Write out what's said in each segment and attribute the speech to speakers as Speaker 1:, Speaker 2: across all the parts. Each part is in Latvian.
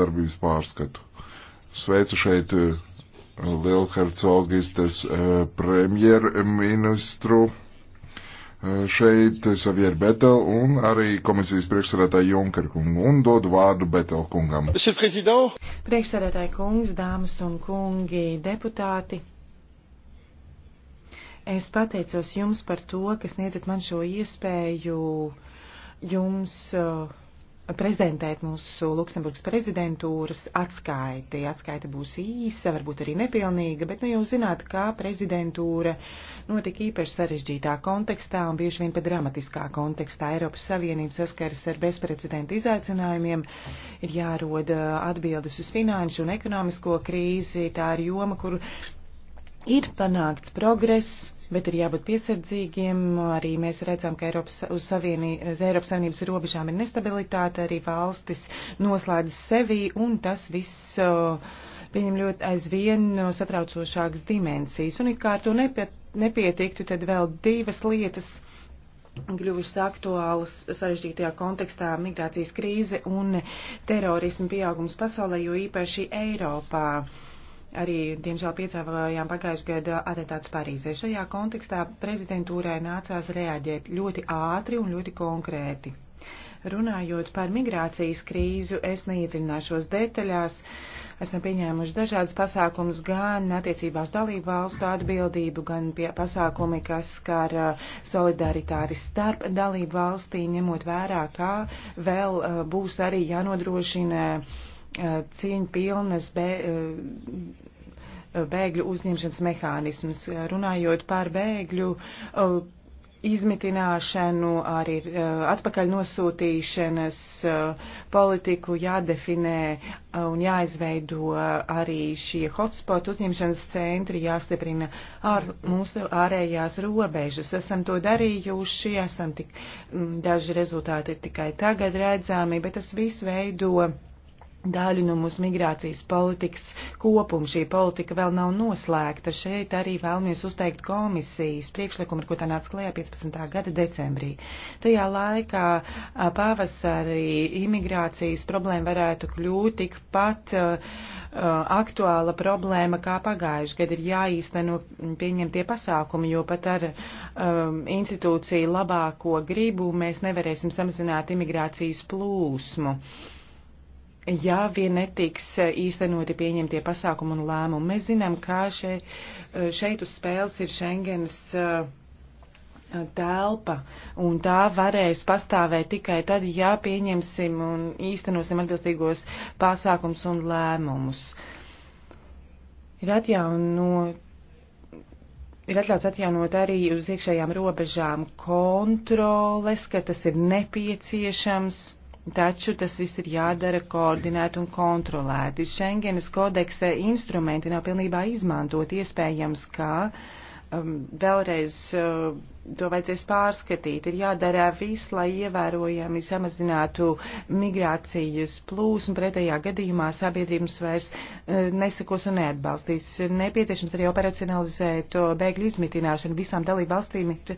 Speaker 1: darbības pārskatu. Sveicu šeit eh, Lielhercogistes eh, premjerministru, eh, šeit Savieru Betelu un arī komisijas priekšsarētāju Junkeru kungu un dodu vārdu Betelu kungam.
Speaker 2: Priekšsarētāju kungs, dāmas un kungi, deputāti. Es pateicos jums par to, ka sniedzat man šo iespēju jums uh, prezentēt mūsu Luksemburgas prezidentūras atskaiti. Atskaita būs īsa, varbūt arī nepilnīga, bet nu jau zināt, kā prezidentūra notika īpaši sarežģītā kontekstā un bieži vien pat dramatiskā kontekstā. Eiropas Savienība saskaras ar bezprecedenta izaicinājumiem, ir jāroda atbildes uz finanšu un ekonomisko krīzi, tā ir joma, kur ir panākts progress bet ir jābūt piesardzīgiem. Arī mēs redzam, ka Eiropas, uz Savienī, Eiropas Savienības robežām ir nestabilitāte, arī valstis noslēdz sevi, un tas viss pieņem ļoti aizvien satraucošākas dimensijas. Un, kā ar to nepietiktu, tad vēl divas lietas kļuvušas aktuālas sarežģītajā kontekstā migrācijas krīze un terorismu pieaugums pasaulē, jo īpaši Eiropā. Uh, Arī, diemžēl, piecēlājām pagājušajā gadā atentāts Parīzē. Šajā kontekstā prezidentūrai nācās reaģēt ļoti ātri un ļoti konkrēti. Runājot par migrācijas krīzu, es neiedziļināšos detaļās. Esam pieņēmuši dažādas pasākumus gan attiecībās dalību valstu atbildību, gan pie pasākumi, kas skar uh, solidaritāti starp dalību valstīm, ņemot vērā, kā vēl uh, būs arī jānodrošina Uh, cieņu pilnas be, uh, bēgļu uzņemšanas mehānismus. Runājot par bēgļu uh, izmitināšanu, arī atpakaļ nosūtīšanas politiku jādefinē un jāizveido arī šie hotspot uzņemšanas centri, jāstiprina ār, mūsu ārējās robežas. Esam to darījuši, esam tik, daži rezultāti ir tikai tagad redzami, bet tas viss veido daļu no mūsu migrācijas politikas kopuma. Šī politika vēl nav noslēgta. Šeit arī vēlamies uzteikt komisijas priekšlikumu, ar ko tā nāca klējā 15. gada decembrī. Tajā laikā pavasarī imigrācijas problēma varētu kļūt tikpat aktuāla problēma kā pagājuši, kad ir jāīsteno pieņemtie pasākumi, jo pat ar um, institūciju labāko gribu mēs nevarēsim samazināt imigrācijas plūsmu. Uh, ja vien netiks eh, īstenoti pieņemtie pasākumi un lēmumi. Mēs zinām, kā še, eh, šeit uz spēles ir Schengens eh, telpa, un tā varēs pastāvēt tikai tad, ja pieņemsim un īstenosim atbilstīgos pasākums un lēmumus. Ir atjaunot ir atļauts atjaunot arī uz iekšējām robežām kontroles, ka tas ir nepieciešams. Taču tas viss ir jādara koordinēt un kontrolēti. Šengenes kodekse instrumenti nav pilnībā izmantot. Iespējams, ka um, vēlreiz uh, to vajadzēs pārskatīt. Ir jādara viss, lai ievērojami samazinātu migrācijas plūsmu. Pretējā gadījumā sabiedrības vairs e, nesakos un neatbalstīs. Ir nepieciešams arī operacionalizēt bēgļu izmitināšanu. Visām dalību valstīm ir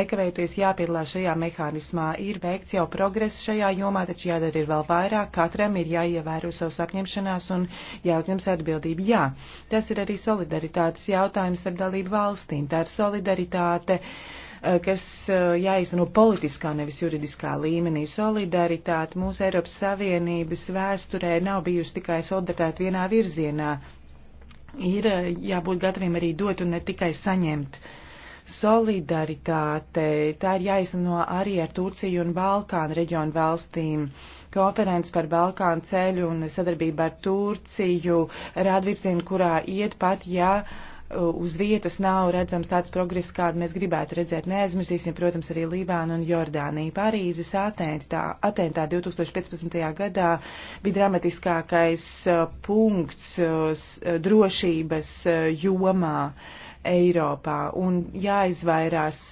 Speaker 2: nekavējoties jāpiedalās šajā mehānismā. Ir veikts jau progress šajā jomā, taču jādara ir vēl vairāk. Katram ir jāievēro savas apņemšanās un jāuzņems atbildība. Jā, tas ir arī solidaritātes jautājums ar dalību valstīm. Tā ir solidaritāte. Uh, Eh, kas eh, jāizteno politiskā, nevis juridiskā līmenī. Solidaritāte mūsu Eiropas Savienības vēsturē nav bijusi tikai solidaritāte vienā virzienā. Ir eh, jābūt gataviem arī dot un ne tikai saņemt. Solidaritāte, tā ir jāizteno arī ar Turciju un Balkānu reģionu valstīm konferences par Balkānu ceļu un sadarbību ar Turciju rāda virzienu, kurā iet pat, ja Uh, uz vietas nav redzams tāds progress, kādu mēs gribētu redzēt. Neaizmirsīsim, protams, arī Lībānu un Jordāniju. Parīzes atentā, atentā 2015. gadā bija dramatiskākais uh, punkts uh, drošības jomā Eiropā un jāizvairās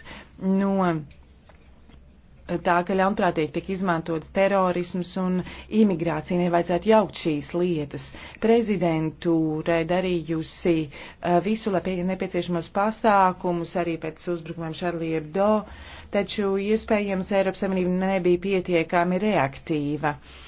Speaker 2: no tā, ka ļaunprātīgi tiek izmantots terorisms un imigrācija, nevajadzētu jaukt šīs lietas. Prezidentūrai darījusi eh, visu, lai pieņem nepieciešamos pasākumus arī pēc uzbrukumiem Šarlī Ebdo, taču iespējams Eiropas Savienība nebija pietiekami reaktīva. Uh,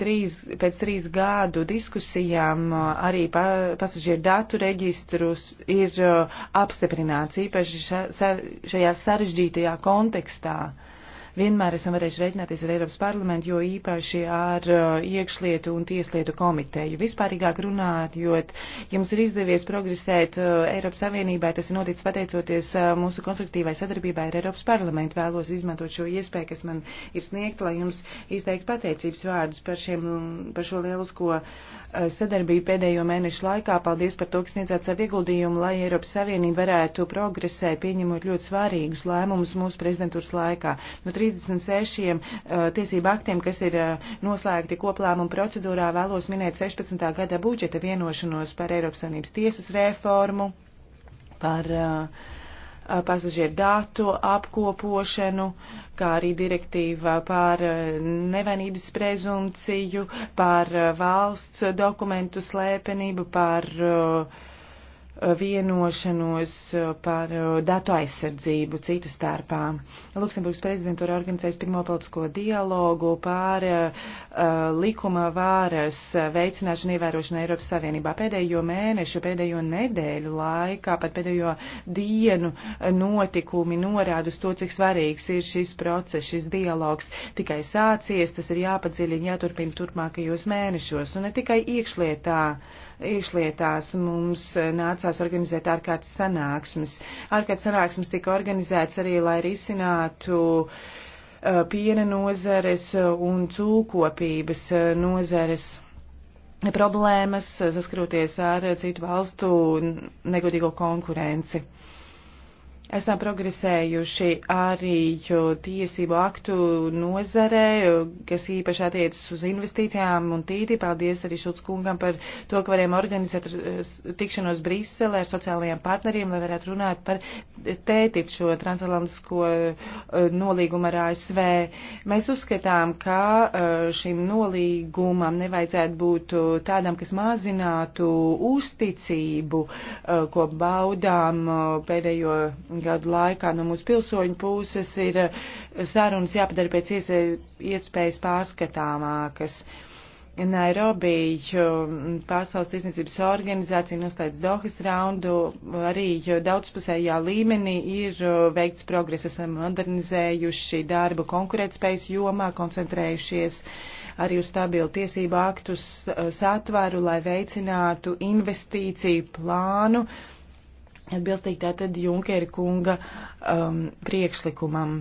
Speaker 2: trīs, pēc trīs gādu diskusijām uh, arī pa, pasažieru datu reģistrus ir uh, apstiprināts īpaši ša, sa, šajā sarežģītajā kontekstā. Uh, vienmēr esam varējuši reiķināties ar Eiropas parlamentu, jo īpaši ar uh, iekšlietu un tieslietu komiteju. Vispārīgāk runājot, ja mums ir izdevies progresēt uh, Eiropas Savienībai, tas ir noticis pateicoties uh, mūsu konstruktīvai sadarbībai ar Eiropas parlamentu. Vēlos izmantot šo iespēju, kas man ir sniegta, lai jums izteiktu pateicības vārdus par, šiem, par šo lielisko sadarbību pēdējo mēnešu laikā. Paldies par to, ka sniedzāt savu ieguldījumu, lai Eiropas Savienība varētu progresēt, pieņemot ļoti svarīgus lēmumus mūsu prezidentūras laikā. No 3. 36 uh, eh, tiesību aktiem, kas ir uh, noslēgti koplēmuma procedūrā, vēlos minēt 16. gada budžeta vienošanos par Eiropas Savienības tiesas reformu, par uh, pasažieru datu apkopošanu, kā arī direktīva par nevainības prezumciju, par valsts dokumentu slēpenību, par uh, vienošanos eh, par eh, datu aizsardzību citas starpā. Luksemburgas prezidentūra organizēs pirmo politisko dialogu par uh, likuma vāras veicināšanu ievērošanu Eiropas Savienībā. Pēdējo mēnešu, pēdējo nedēļu laikā, pat pēdējo dienu notikumi norāda uz to, cik svarīgs ir šis process, šis dialogs. Tikai sācies, tas ir jāpadziļina, jāturpina turpmākajos mēnešos. Un ne tikai iekšlietā. Uh, īšlietās. Mums nācās organizēt ārkārtas sanāksmes. Ārkārtas sanāksmes tika organizēts arī, lai risinātu uh, piena nozares un cūkopības uh, nozares problēmas, uh, saskaroties ar citu valstu negodīgo konkurenci. Uh, Esam progresējuši arī tiesību aktu nozarē, kas īpaši attiecas uz investīcijām un tīri. Paldies arī Šulc kungam par to, ka varējām organizēt tikšanos Briselē ar sociālajiem partneriem, lai varētu runāt par tētip šo transatlantisko e, nolīgumu ar ASV. Mēs uzskatām, ka e, šim nolīgumam nevajadzētu būt tādam, kas mazinātu uzticību, e, ko baudām pēdējo gadu laikā no mūsu pilsoņu puses ir eh, sarunas jāpadara pēc iespējas pārskatāmākas. Nairobi mm, Pasaules tiesnesības organizācija noslēdz Dohas raundu, arī daudzpusējā līmenī ir veikts progress, esam modernizējuši darbu konkurētspējas jomā, koncentrējušies arī uz stabilu tiesību aktus satvaru, lai veicinātu investīciju plānu. Uh, atbilstīgi tātad Junkera kunga um, priekšlikumam.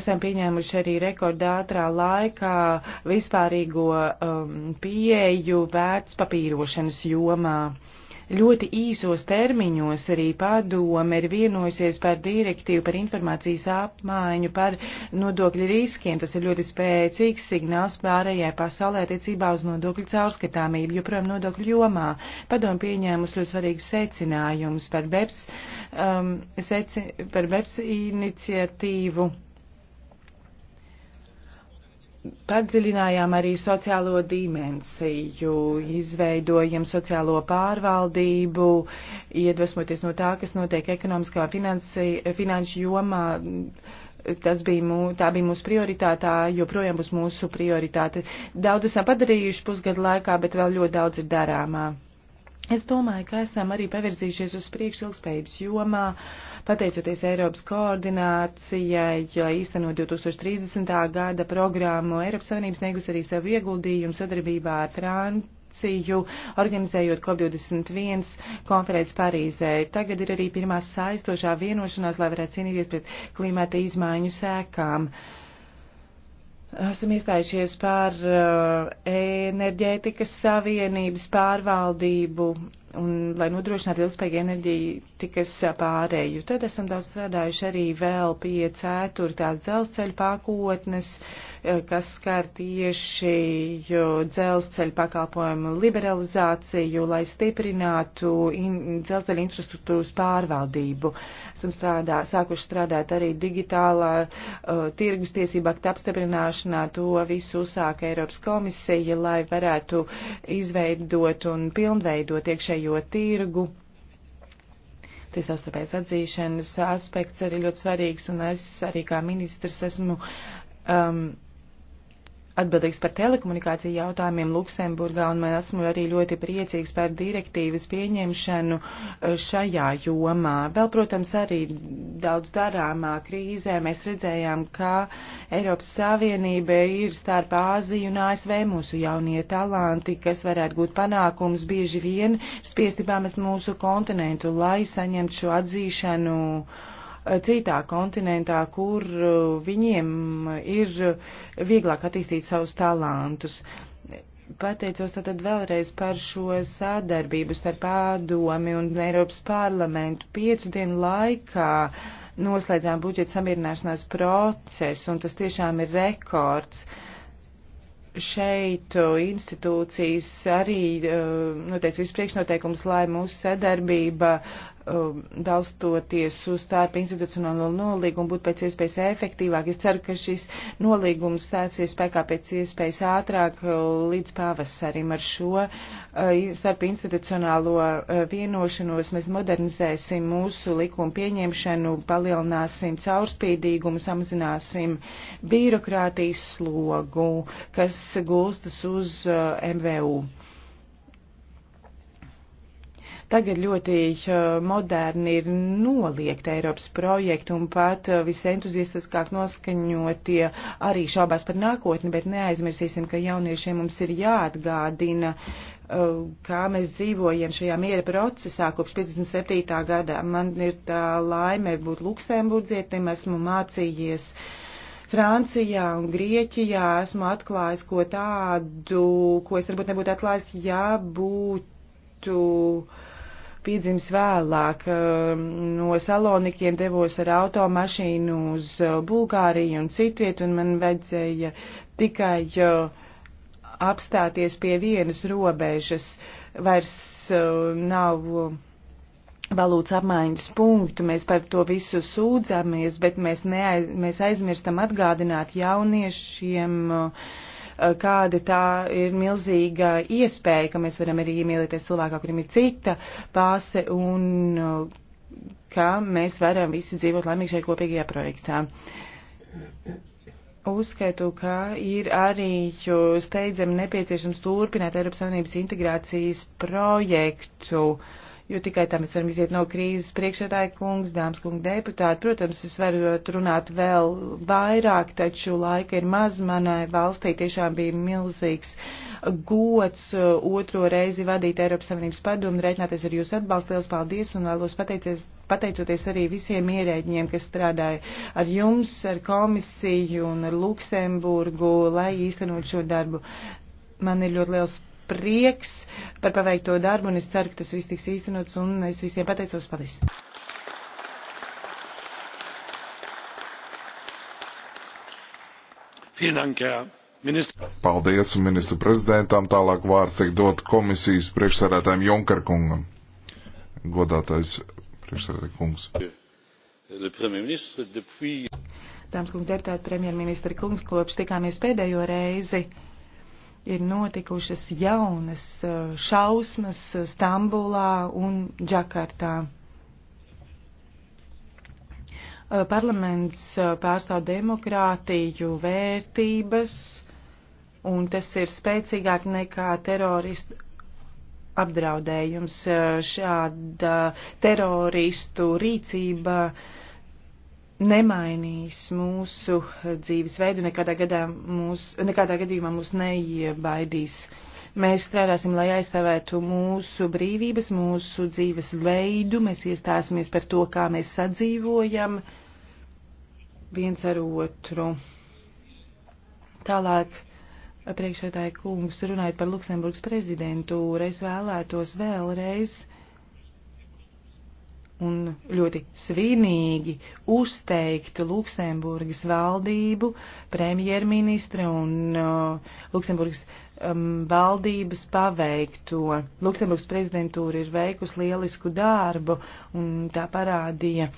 Speaker 2: Esam pieņēmuši arī rekordā ātrā laikā vispārīgo um, pieeju vērtspapīrošanas jomā. Uh, ļoti īsos termiņos arī padome ir vienojusies par direktīvu par informācijas apmaiņu, par nodokļu riskiem. Tas ir ļoti spēcīgs signāls pārējai pasaulē attiecībā uz nodokļu caurskatāmību, joprojām nodokļu jomā. Padome pieņēmusi ļoti svarīgus secinājumus par BEPS, um, seci, par BEPS iniciatīvu padziļinājām arī sociālo dimensiju, izveidojam sociālo pārvaldību, iedvesmoties no tā, kas notiek ekonomiskā finansi, finanšu jomā. Tas bija, mū, tā bija mūsu prioritātā, joprojām būs mūsu prioritāte. Daudz esam padarījuši pusgadu laikā, bet vēl ļoti daudz ir darāmā. Es domāju, ka esam arī pavirzījušies uz priekšu ilgspējības jomā, pateicoties Eiropas koordinācijai, īstenot 2030. gada programmu. Eiropas Savienības sniegus arī savu ieguldījumu sadarbībā ar Franciju, organizējot COP21 konferences Parīzē. Tagad ir arī pirmā saistošā vienošanās, lai varētu cīnīties pret klimata izmaiņu sēkām. Uh, Esam iestājušies par uh, enerģētikas savienības pārvaldību un lai nodrošinātu ilgspējīgu enerģijas pārēju. Tad esam daudz strādājuši arī vēl pie ceturtās dzelzceļa pakotnes, eh, kas skar tieši dzelzceļa pakalpojumu liberalizāciju, lai stiprinātu in, dzelzceļa infrastruktūras pārvaldību. Esam strādā, sākuši strādāt arī digitālā uh, tirgus tiesību akta apstiprināšanā. To visu uzsāka Eiropas komisija, lai varētu izveidot un pilnveidot iekšēji iekšējo tirgu. Tie savstarpējas atzīšanas aspekts arī ļoti svarīgs, un es arī kā ministrs esmu um, atbildīgs par telekomunikāciju jautājumiem Luksemburgā, un man esmu arī ļoti priecīgs par direktīvas pieņemšanu eh, šajā jomā. Vēl, protams, arī daudz darāmā krīzē mēs redzējām, ka Eiropas Savienība ir starp Āziju un ASV mūsu jaunie talanti, kas varētu būt panākums bieži vien spiesti pamest mūsu kontinentu, lai saņemtu šo atzīšanu. Uh, citā kontinentā, kur uh, viņiem ir vieglāk attīstīt savus talantus. Pateicos tātad vēlreiz par šo sadarbību starp pārdomi un Eiropas parlamentu piecu dienu laikā. Noslēdzām budžeta samierināšanās procesu, un tas tiešām ir rekords. Šeit uh, institūcijas arī uh, noteica visu priekšnoteikumus, lai mūsu sadarbība uh, Um, balstoties uz starp institucionālo nolīgumu būt pēc iespējas efektīvāk. Es ceru, ka šis nolīgums stāsies spēkā pēc iespējas ātrāk uh, līdz pavasarim. Ar šo uh, starp institucionālo uh, vienošanos mēs modernizēsim mūsu likumu pieņemšanu, palielināsim caurspīdīgumu, samazināsim birokrātijas slogu, kas gulstas uz MVU. Tagad ļoti eh, moderni ir noliegt Eiropas projektu un pat eh, visentuziastiskāk noskaņotie arī šaubās par nākotni, bet neaizmirsīsim, ka jauniešiem mums ir jāatgādina, eh, kā mēs dzīvojam šajā miera procesā kopš 57. gadā. Man ir tā laime būt Luksemburdzietim, esmu mācījies Francijā un Grieķijā, esmu atklājis ko tādu, ko es varbūt nebūtu atklājis, ja būtu piedzimis vēlāk. Ehm, no Salonikiem devos ar automašīnu uz eh, Bulgāriju un citviet, un man vajadzēja tikai eh, apstāties pie vienas robežas. Vairs eh, nav valūtas apmaiņas punktu, mēs par to visu sūdzamies, bet mēs, neaiz, mēs aizmirstam atgādināt jauniešiem uh, Eh, kāda tā ir milzīga iespēja, ka mēs varam arī iemīlēties cilvēkā, kurim ir cita pāse un eh, ka mēs varam visi dzīvot laimīgi šajā kopīgajā projektā. Uzskatu, ka ir arī steidzami nepieciešams turpināt Eiropas Savienības integrācijas projektu. Uh, jo tikai tā mēs varam iziet no krīzes priekšētāja kungs, dāmas kungi deputāti. Protams, es varu runāt vēl vairāk, taču laika ir maz manai valstī. Tiešām bija milzīgs gods uh, otro reizi vadīt Eiropas Savienības padomu, reiķināties ar jūsu atbalstu. Liels paldies un vēlos pateicies, pateicoties arī visiem ierēģiem, kas strādāja ar jums, ar komisiju un ar Luksemburgu, lai īstenot šo darbu. Man ir ļoti liels prieks par paveikto darbu, un es ceru, ka tas viss tiks īstenots, un es visiem pateicos paldies.
Speaker 1: Paldies ministru prezidentam. Tālāk vārds tiek dot komisijas priekšsēdētājiem Jonkar kungam. Godātais priekšsēdētāj kungs.
Speaker 2: Dāmas kungi deputāti, premjerministri kungs, kopš tikāmies pēdējo reizi ir notikušas jaunas šausmas Stambulā un Džakartā. Parlaments pārstāv demokrātiju, vērtības, un tas ir spēcīgāk nekā teroristu apdraudējums. Šāda teroristu rīcība uh, nemainīs mūsu dzīvesveidu, nekādā, gadā mūs, nekādā gadījumā mūs neiebaidīs. Mēs strādāsim, lai aizstāvētu mūsu brīvības, mūsu dzīves veidu, mēs iestāsimies par to, kā mēs sadzīvojam viens ar otru. Tālāk, priekšētāji kungs, runājot par Luksemburgas prezidentūru, es vēlētos vēlreiz uh, un ļoti svinīgi uzteikt Luksemburgas valdību, premjerministra un uh, Luksemburgas um, valdības paveikto. Luksemburgas prezidentūra ir veikusi lielisku darbu un tā parādīja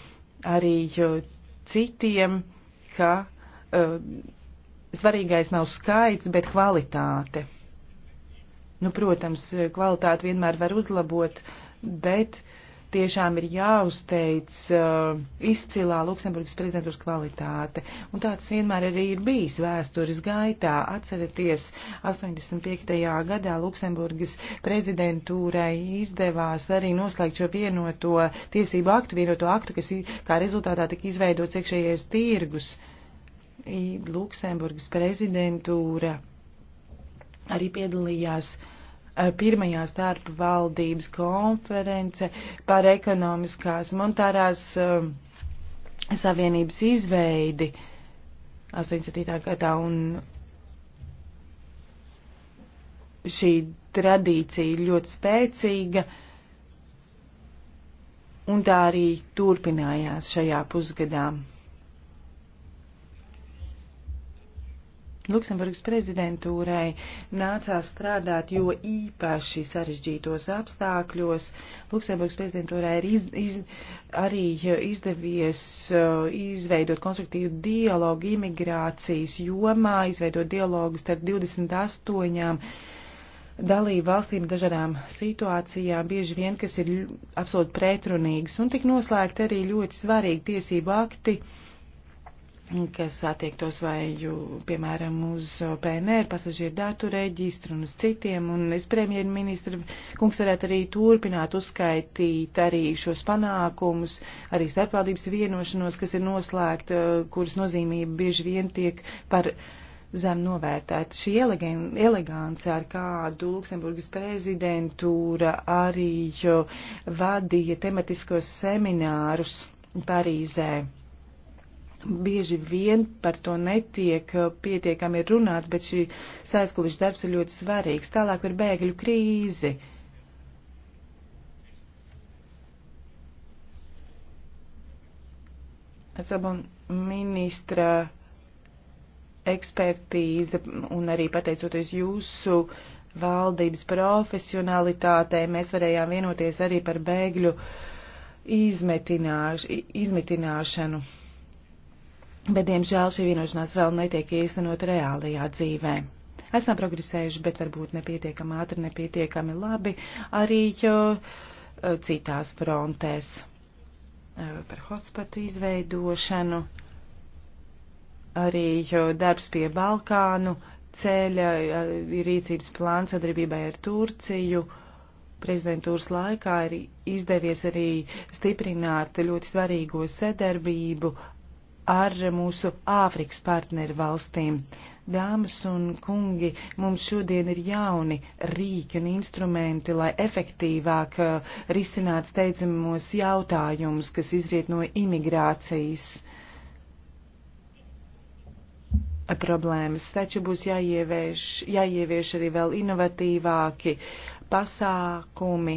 Speaker 2: arī uh, citiem, ka uh, svarīgais nav skaits, bet kvalitāte. Nu, protams, kvalitāti vienmēr var uzlabot, bet uh, tiešām ir jāuzteic uh, izcilā Luksemburgas prezidentūras kvalitāte. Un tāds vienmēr arī ir bijis vēstures gaitā. Atcerieties, 85. gadā Luksemburgas prezidentūrai izdevās arī noslēgt šo vienoto tiesību aktu, vienoto aktu, kas kā rezultātā tika izveidots iekšējais tirgus. Luksemburgas prezidentūra arī piedalījās uh, Eh, pirmajā starp valdības konference par ekonomiskās monetārās um, savienības izveidi 87. gadā un šī tradīcija ļoti spēcīga un tā arī turpinājās šajā pusgadā. Luksemburgas prezidentūrai nācās strādāt, jo īpaši sarežģītos apstākļos Luksemburgas prezidentūrai ir iz, iz, arī izdevies uh, izveidot konstruktīvu dialogu imigrācijas jomā, izveidot dialogu starp 28 dalību valstīm dažādām situācijām, bieži vien, kas ir absolūti pretrunīgas, un tik noslēgta arī ļoti svarīga tiesība akti kas attiektos vai, jū, piemēram, uz PNR, pasažieru datu reģistru un uz citiem. Un es premjerministru kungs varētu arī turpināt uzskaitīt arī šos panākumus, arī starpvaldības vienošanos, kas ir noslēgta, kuras nozīmība bieži vien tiek par zem novērtēta. Šī elegance, ar kādu Luksemburgas prezidentūra arī vadīja tematiskos seminārus Parīzē Bieži vien par to netiek eh, pietiekami runāts, bet šī sēskuliša darbs ir ļoti svarīgs. Tālāk ir bēgļu krīzi. Sabon ministra ekspertīze un arī pateicoties jūsu valdības profesionalitātei, mēs varējām vienoties arī par bēgļu izmetināšanu bet, diemžēl, šī vienošanās vēl netiek īstenot reālajā dzīvē. Esam progresējuši, bet varbūt nepietiekami ātri, nepietiekami labi arī jo, eh, citās frontēs eh, par hotspatu izveidošanu, arī jo, darbs pie Balkānu ceļa, eh, rīcības plāns sadarbībai ar Turciju prezidentūras laikā ir izdevies arī stiprināt ļoti svarīgo sadarbību ar mūsu Āfrikas partneru valstīm. Dāmas un kungi, mums šodien ir jauni rīki un instrumenti, lai efektīvāk eh, risinātu steidzamos jautājumus, kas izriet no imigrācijas problēmas. Taču būs jāievieš, jāievieš arī vēl inovatīvāki pasākumi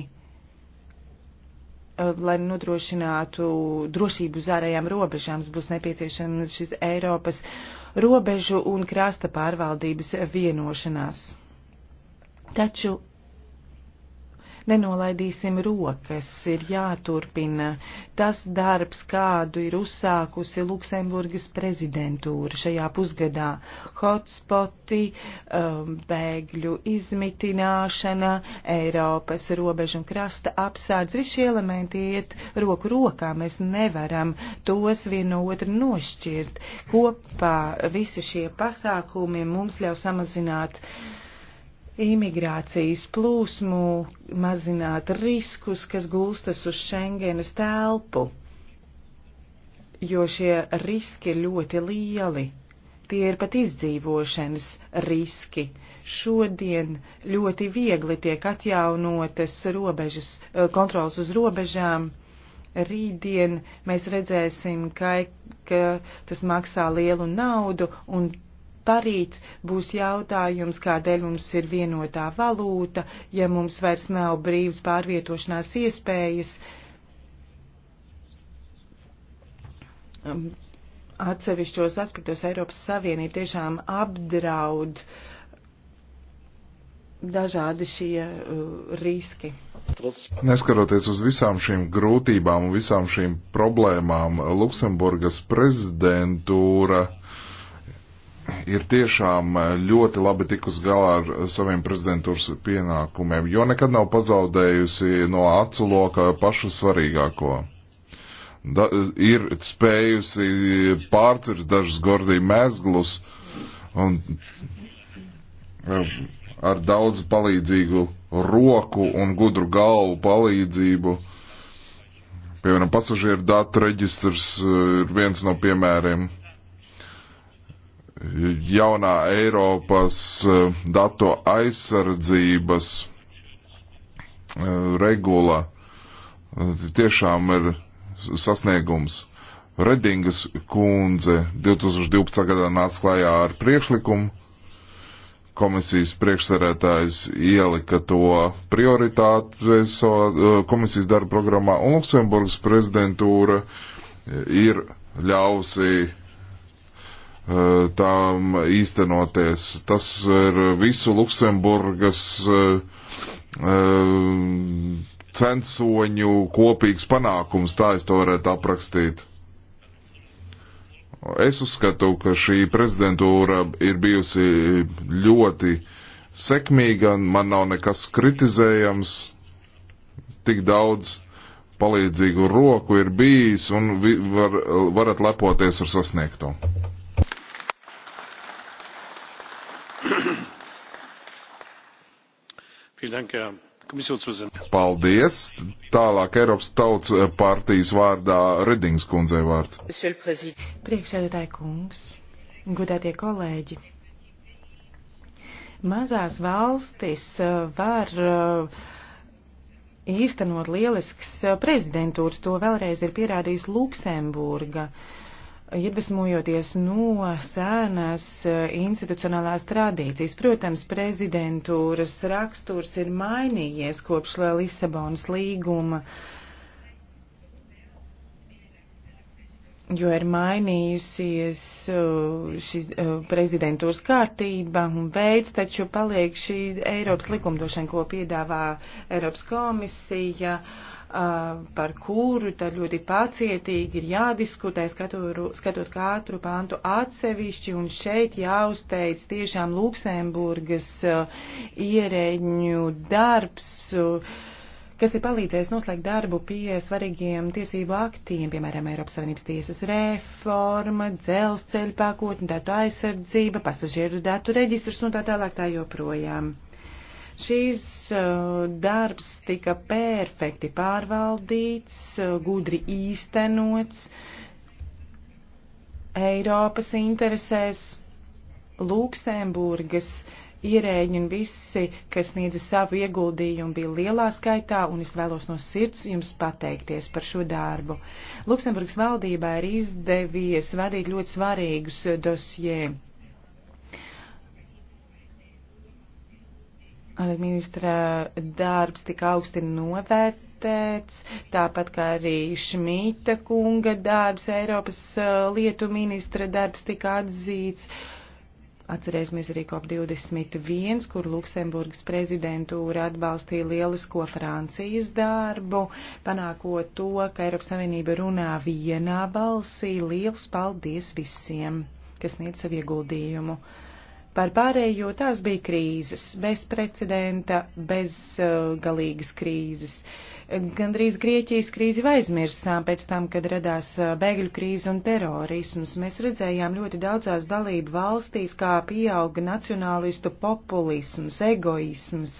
Speaker 2: Uh, lai nodrošinātu drošību uz ārējām robežām, būs nepieciešama šis Eiropas robežu un krasta pārvaldības vienošanās. Taču Nenolaidīsim rokas, ir jāturpina tas darbs, kādu ir uzsākusi Luksemburgas prezidentūra šajā pusgadā - hotspoti, um, bēgļu izmitināšana, Eiropas robežu un krasta apsādz. Visi šie elementi iet roku rokā, mēs nevaram tos vienu no otru nošķirt. Kopā visi šie pasākumi mums ļauj samazināt uh, imigrācijas plūsmu, mazināt riskus, kas gulstas uz Schengenas telpu, jo šie riski ir ļoti lieli. Tie ir pat izdzīvošanas riski. Šodien ļoti viegli tiek atjaunotas robežas, eh, kontrols uz robežām. Rītdien mēs redzēsim, ka, ka tas maksā lielu naudu un parīt būs jautājums, kādēļ mums ir vienotā valūta, ja mums vairs nav brīvas pārvietošanās iespējas. Um, atsevišķos aspektos Eiropas Savienība tiešām apdraud dažādi šie uh, riski.
Speaker 1: Neskaroties uz visām šīm grūtībām un visām šīm problēmām, Luksemburgas prezidentūra ir tiešām eh, ļoti labi tikus galā ar eh, saviem prezidentūras pienākumiem, jo nekad nav pazaudējusi no acu lokā pašu svarīgāko. Da, ir spējusi pārcirst dažus gordiju mēzglus un eh, ar daudz palīdzīgu roku un gudru galvu palīdzību. Piemēram, pasažieru datu reģistrs ir viens no piemēriem jaunā Eiropas eh, datu aizsardzības eh, regula eh, tiešām ir sasniegums. Redingas kundze 2012. gadā nāca klājā ar priekšlikumu. Komisijas priekšsarētājs ielika to prioritāti komisijas darba programmā, un Luksemburgas prezidentūra ir ļausi Eh, tām īstenoties. Tas ir visu Luksemburgas eh, eh, censoņu kopīgs panākums, tā es to varētu aprakstīt. Es uzskatu, ka šī prezidentūra ir bijusi ļoti sekmīga, man nav nekas kritizējams, tik daudz palīdzīgu roku ir bijis un vi, var, varat lepoties ar sasniegto. Paldies! Tālāk Eiropas Tautas partijas vārdā Redings kundzei vārds.
Speaker 2: Priekšsēdētāji kungs, godētie kolēģi, mazās valstis uh, var uh, īstenot lielisks uh, prezidentūras, to vēlreiz ir pierādījis Luksemburga. Uh, iedvesmojoties no sēnās eh, institucionālās tradīcijas. Protams, prezidentūras raksturs ir mainījies kopš Lisabonas līguma, jo ir mainījusies eh, šī eh, prezidentūras kārtība un veids, taču paliek šī Eiropas likumdošana, ko piedāvā Eiropas komisija. Uh, par kuru tad ļoti pacietīgi ir jādiskutē, skaturu, skatot katru pāntu atsevišķi, un šeit jāuzteic tiešām Luksemburgas ierēģņu darbs kas ir palīdzējis noslēgt darbu pie svarīgiem tiesību aktiem, piemēram, Eiropas Savienības tiesas reforma, dzelzceļa pakotne, datu aizsardzība, pasažieru datu reģistrs un tā tālāk tā joprojām. Šīs uh, darbs tika perfekti pārvaldīts, uh, gudri īstenots Eiropas interesēs, Luksemburgas ierēģi un visi, kas sniedza savu ieguldījumu, bija lielā skaitā, un es vēlos no sirds jums pateikties par šo darbu. Luksemburgas valdībā ir izdevies vadīt ļoti svarīgus dosjē. Ārlietu ministra darbs tika augsti novērtēts, tāpat kā arī Šmita kunga darbs, Eiropas uh, lietu ministra darbs tika atzīts. Atcerēsimies arī COP21, kur Luksemburgas prezidentūra atbalstīja lielisko Francijas darbu, panākot to, ka Eiropas Savienība runā vienā balsī. Liels paldies visiem, kas sniedz savu ieguldījumu! Par pārējo tās bija krīzes, bez precedenta, bez uh, galīgas krīzes. Gandrīz Grieķijas krīzi aizmirsām pēc tam, kad radās bēgļu krīze un terorisms. Mēs redzējām ļoti daudzās dalību valstīs, kā pieauga nacionālistu populisms, egoisms,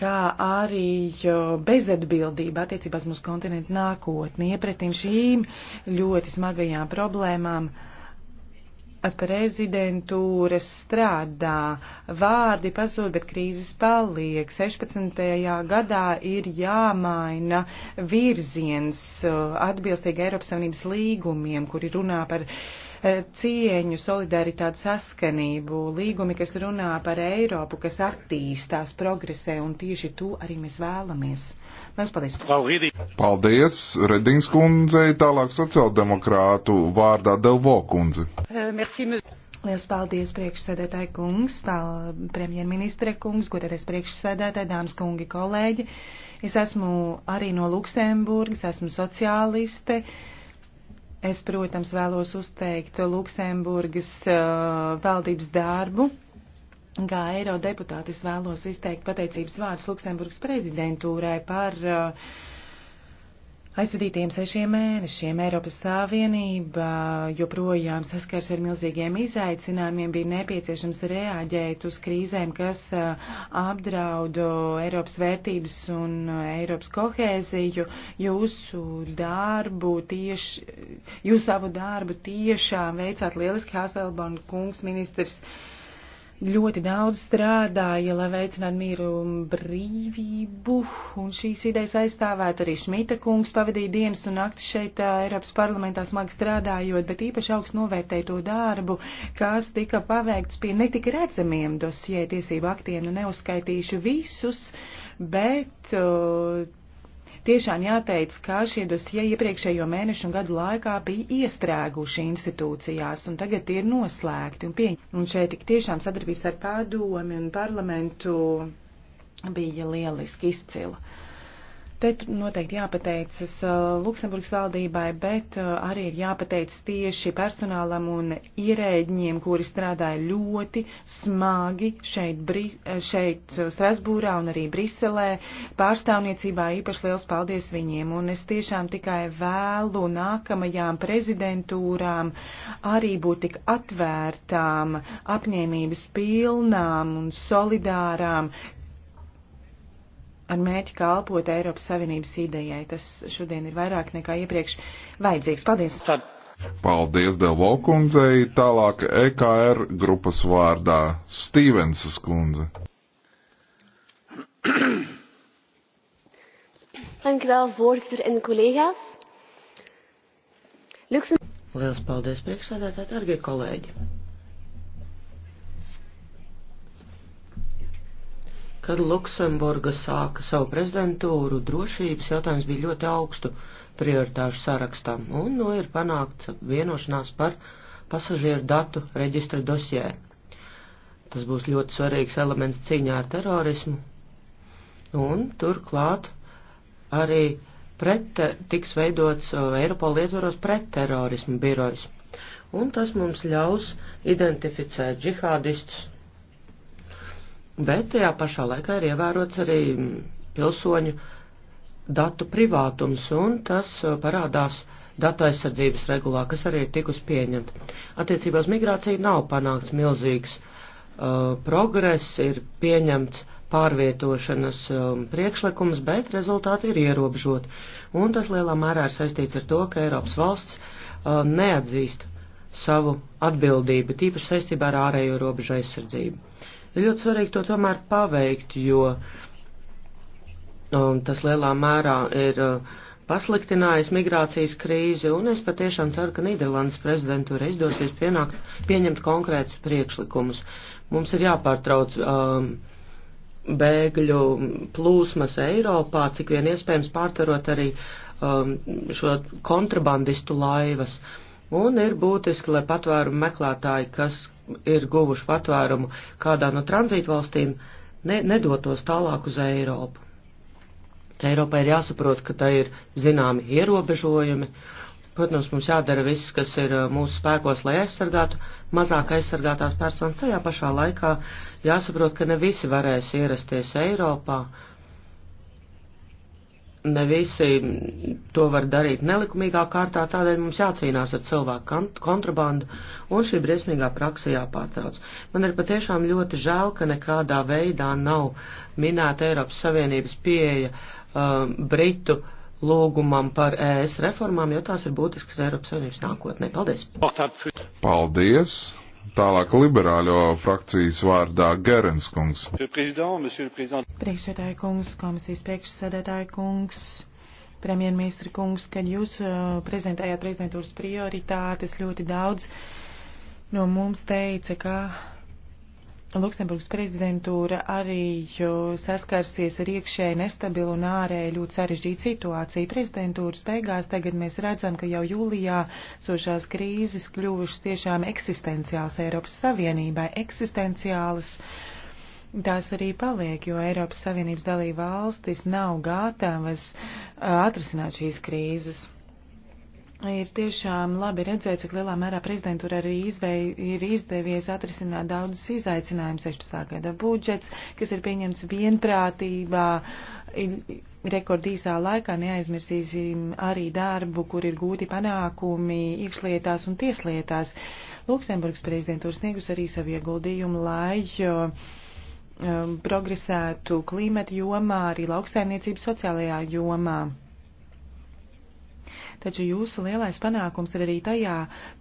Speaker 2: kā arī bezatbildība attiecībās mūsu kontinentu nākotni, iepretim šīm ļoti smagajām problēmām. Uh, prezidentūras strādā, vārdi pazūd, bet krīzes paliek. 16. gadā ir jāmaina virziens uh, atbilstīgi Eiropas Savienības līgumiem, kuri runā par uh, cieņu, solidaritāti, saskanību, līgumi, kas runā par Eiropu, kas attīstās, progresē, un tieši to arī mēs vēlamies. Mēs paldies.
Speaker 1: Paldies, Redings kundzei, tālāk sociāldemokrātu vārdā Delvo kundzi.
Speaker 2: Eh, Liels paldies, priekšsēdētāji kungs, tā premjerministre kungs, godēties priekšsēdētāji, dāmas kungi, kolēģi. Es esmu arī no Luksemburgas, esmu sociāliste. Es, protams, vēlos uzteikt Luksemburgas uh, valdības darbu Kā eiro deputātis vēlos izteikt pateicības vārdus Luksemburgas prezidentūrai par uh, aizvadītiem sešiem mēnešiem. Eiropas Savienība uh, joprojām saskars ar milzīgiem izaicinājumiem, bija nepieciešams reaģēt uz krīzēm, kas uh, apdraud Eiropas vērtības un uh, Eiropas kohēziju. Jūsu darbu tieši, jūs savu darbu tiešām veicāt lieliski Haselborn kungs ministrs. Uh, ļoti daudz strādāja, lai veicinātu mieru un brīvību, un šīs idejas aizstāvētu arī Šmita kungs, pavadīja dienas un naktis šeit Eiropas parlamentā smagi strādājot, bet īpaši augstu novērtēja to darbu, kas tika paveikts pie netika redzamiem dosijai tiesību aktiem, nu neuzskaitīšu visus, bet. Uh, Tiešām jāteic, ka šie dosie iepriekšējo mēnešu un gadu laikā bija iestrēguši institūcijās un tagad ir noslēgti un pieņemti. Un šeit tik tiešām sadarbības ar padomi un parlamentu bija lieliski izcila. Te noteikti jāpateicas uh, Luksemburgas valdībai, bet uh, arī ir jāpateicas tieši personālam un ierēģiem, kuri strādāja ļoti smagi šeit, Bri uh, šeit Strasbūrā un arī Briselē. Pārstāvniecībā īpaši liels paldies viņiem, un es tiešām tikai vēlu nākamajām prezidentūrām arī būt tik atvērtām, apņēmības pilnām un solidārām, ar mērķi kalpot Eiropas Savienības idejai. Tas šodien ir vairāk nekā iepriekš vajadzīgs. Paldies!
Speaker 1: Paldies, Delvo kundzei. Tālāk EKR grupas vārdā Stīvensas kundze.
Speaker 3: Dankjewel, voorzitter en collega's. Liels paldies, priekšsēdētāji, darbie kolēģi! Kad Luksemburga sāka savu prezidentūru, drošības jautājums bija ļoti augstu prioritāšu sarakstā, un nu ir panākts vienošanās par pasažieru datu reģistra dosjē. Tas būs ļoti svarīgs elements cīņā ar terorismu, un turklāt arī pret, tiks veidots Eiropola ietvaros pretterorismu birojs. Un tas mums ļaus identificēt džihādistus bet tajā pašā laikā ir ievērots arī pilsoņu datu privātums, un tas uh, parādās datu aizsardzības regulā, kas arī ir tikus pieņemta. Attiecībā uz migrāciju nav panākts milzīgs uh, progress, ir pieņemts pārvietošanas um, priekšlikums, bet rezultāti ir ierobežot. Un tas lielā mērā ir saistīts ar to, ka Eiropas valsts uh, neatzīst savu atbildību, tīpaši saistībā ar ārējo robežu aizsardzību. Ir ļoti svarīgi to tomēr paveikt, jo um, tas lielā mērā ir uh, pasliktinājis migrācijas krīzi, un es patiešām ceru, ka Nīderlandes prezidentūra izdosies pienākt, pieņemt konkrētus priekšlikumus. Mums ir jāpārtrauc um, bēgļu plūsmas Eiropā, cik vien iespējams pārtarot arī um, šo kontrabandistu laivas. Un ir būtiski, lai patvērumu meklētāji, kas ir guvuši patvērumu kādā no tranzītvalstīm, ne, nedotos tālāk uz Eiropu. Eiropai ir jāsaprot, ka tai ir zināmi ierobežojumi. Protams, mums jādara viss, kas ir uh, mūsu spēkos, lai aizsargātu mazāk aizsargātās personas. Tajā pašā laikā jāsaprot, ka ne visi varēs ierasties Eiropā. Uh, ne visi to var darīt nelikumīgā kārtā, tādēļ mums jācīnās ar cilvēku kontrabandu un šī briesmīgā praksa jāpārtrauc. Man ir patiešām ļoti žēl, ka nekādā veidā nav minēta Eiropas Savienības pieeja um, Britu lūgumam par ES reformām, jo tās ir būtiskas Eiropas Savienības nākotnē. Paldies!
Speaker 1: Paldies! Tālāk liberāļo frakcijas vārdā Gerens kungs. Priekšsēdāja
Speaker 2: kungs, komisijas priekšsēdētāja kungs, premjerministra kungs, kad jūs uh, prezentējāt prezidentūras prioritātes, ļoti daudz no mums teica, ka Luksemburgas prezidentūra arī saskarsies ar iekšēji nestabilu un ārēji ļoti sarežģītu situāciju. Prezidentūras beigās tagad mēs redzam, ka jau jūlijā sošās krīzes kļuvušas tiešām eksistenciāls Eiropas Savienībai, eksistenciāls. Tās arī paliek, jo Eiropas Savienības dalība valstis nav gatavas uh, atrisināt šīs krīzes. Ir tiešām labi redzēt, cik lielā mērā prezidentūra arī izvei, ir izdevies atrisināt daudzus izaicinājumus. 16. gada budžets, kas ir pieņemts vienprātībā, rekordīsā laikā neaizmirsīsim arī darbu, kur ir gūti panākumi iekšlietās un tieslietās. Luksemburgas prezidentūra sniegus arī savu ieguldījumu, lai. Uh, progresētu klimata jomā, arī lauksaimniecības sociālajā jomā taču jūsu lielais panākums ir arī tajā,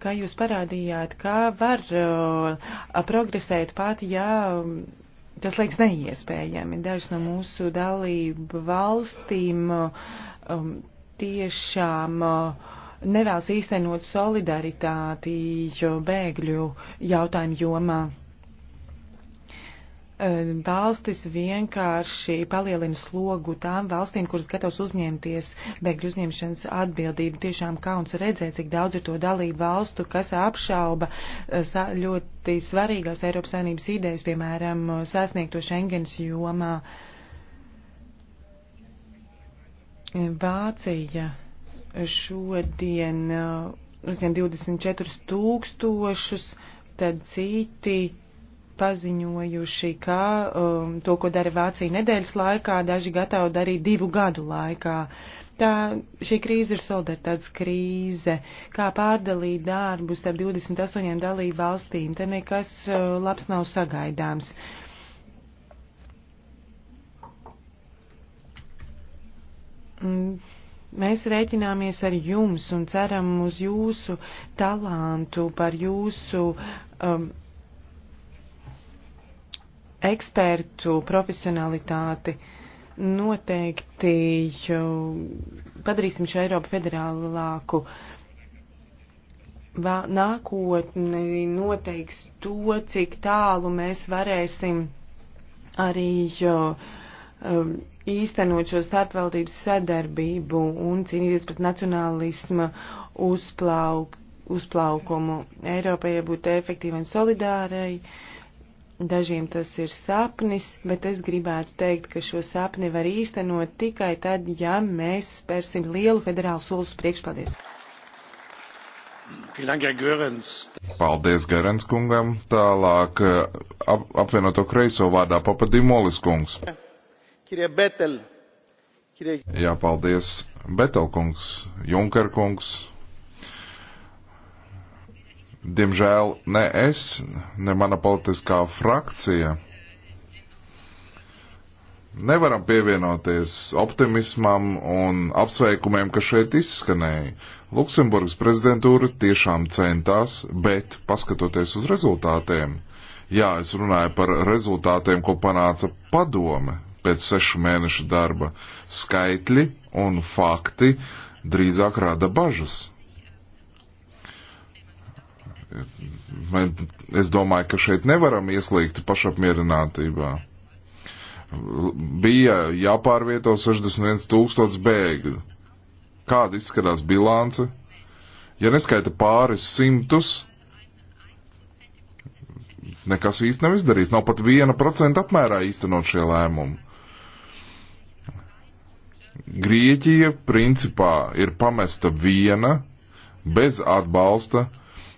Speaker 2: ka jūs parādījāt, ka var uh, progresēt pat, ja um, tas liekas neiespējami. Dažas no mūsu dalību valstīm uh, um, tiešām uh, nevēlas īstenot solidaritāti bēgļu jautājumu jomā. Ehm, valstis vienkārši palielina slogu tām valstīm, kuras gatavs uzņemties bēgļu uzņemšanas atbildību. Tiešām kauns redzēt, cik daudz ir to dalību valstu, kas apšauba eh, ļoti svarīgās Eiropas saimnības idejas, piemēram, sasniegto Schengens jomā. Ehm, Vācija šodien eh, uzņem 24 tūkstošus, tad citi paziņojuši, ka um, to, ko dara Vācija nedēļas laikā, daži gatavi darīt divu gadu laikā. Tā, šī krīze ir solidaritātes krīze, kā pārdalīt darbus starp 28 dalību valstīm, te nekas uh, labs nav sagaidāms. Mm. Mēs rēķināmies ar jums un ceram uz jūsu talantu, par jūsu um, ekspertu profesionalitāti. Noteikti padarīsim šo Eiropu federālāku. Nākotni noteiks to, cik tālu mēs varēsim arī um, īstenot šo starpvaldības sadarbību un cīnīties pret nacionālismu uzplauk, uzplaukumu. Eiropai jābūt efektīvai un solidārai Dažiem tas ir sapnis, bet es gribētu teikt, ka šo sapni var īstenot tikai tad, ja mēs spērsim lielu federālu soli uz priekšu. Paldies!
Speaker 1: Paldies Gerens kungam. Tālāk eh, ap, apvienoto kreiso vārdā papadīmolis kungs. Jā, paldies. Betel kungs, Junker kungs, Diemžēl ne es, ne mana politiskā frakcija nevaram pievienoties optimismam un apsveikumiem, kas šeit izskanēja. Luksemburgas prezidentūra tiešām centās, bet paskatoties uz rezultātiem, jā, es runāju par rezultātiem, ko panāca padome pēc sešu mēnešu darba, skaitļi un fakti drīzāk rada bažas. Es domāju, ka šeit nevaram ieslīgt pašapmierinātībā. Bija jāpārvieto 61 tūkstots bēgļu. Kāda izskatās bilance? Ja neskaita pāris simtus, nekas īsti nav izdarīts. Nav pat viena procenta apmērā īstenot šie lēmumi. Grieķija principā ir pamesta viena, bez atbalsta,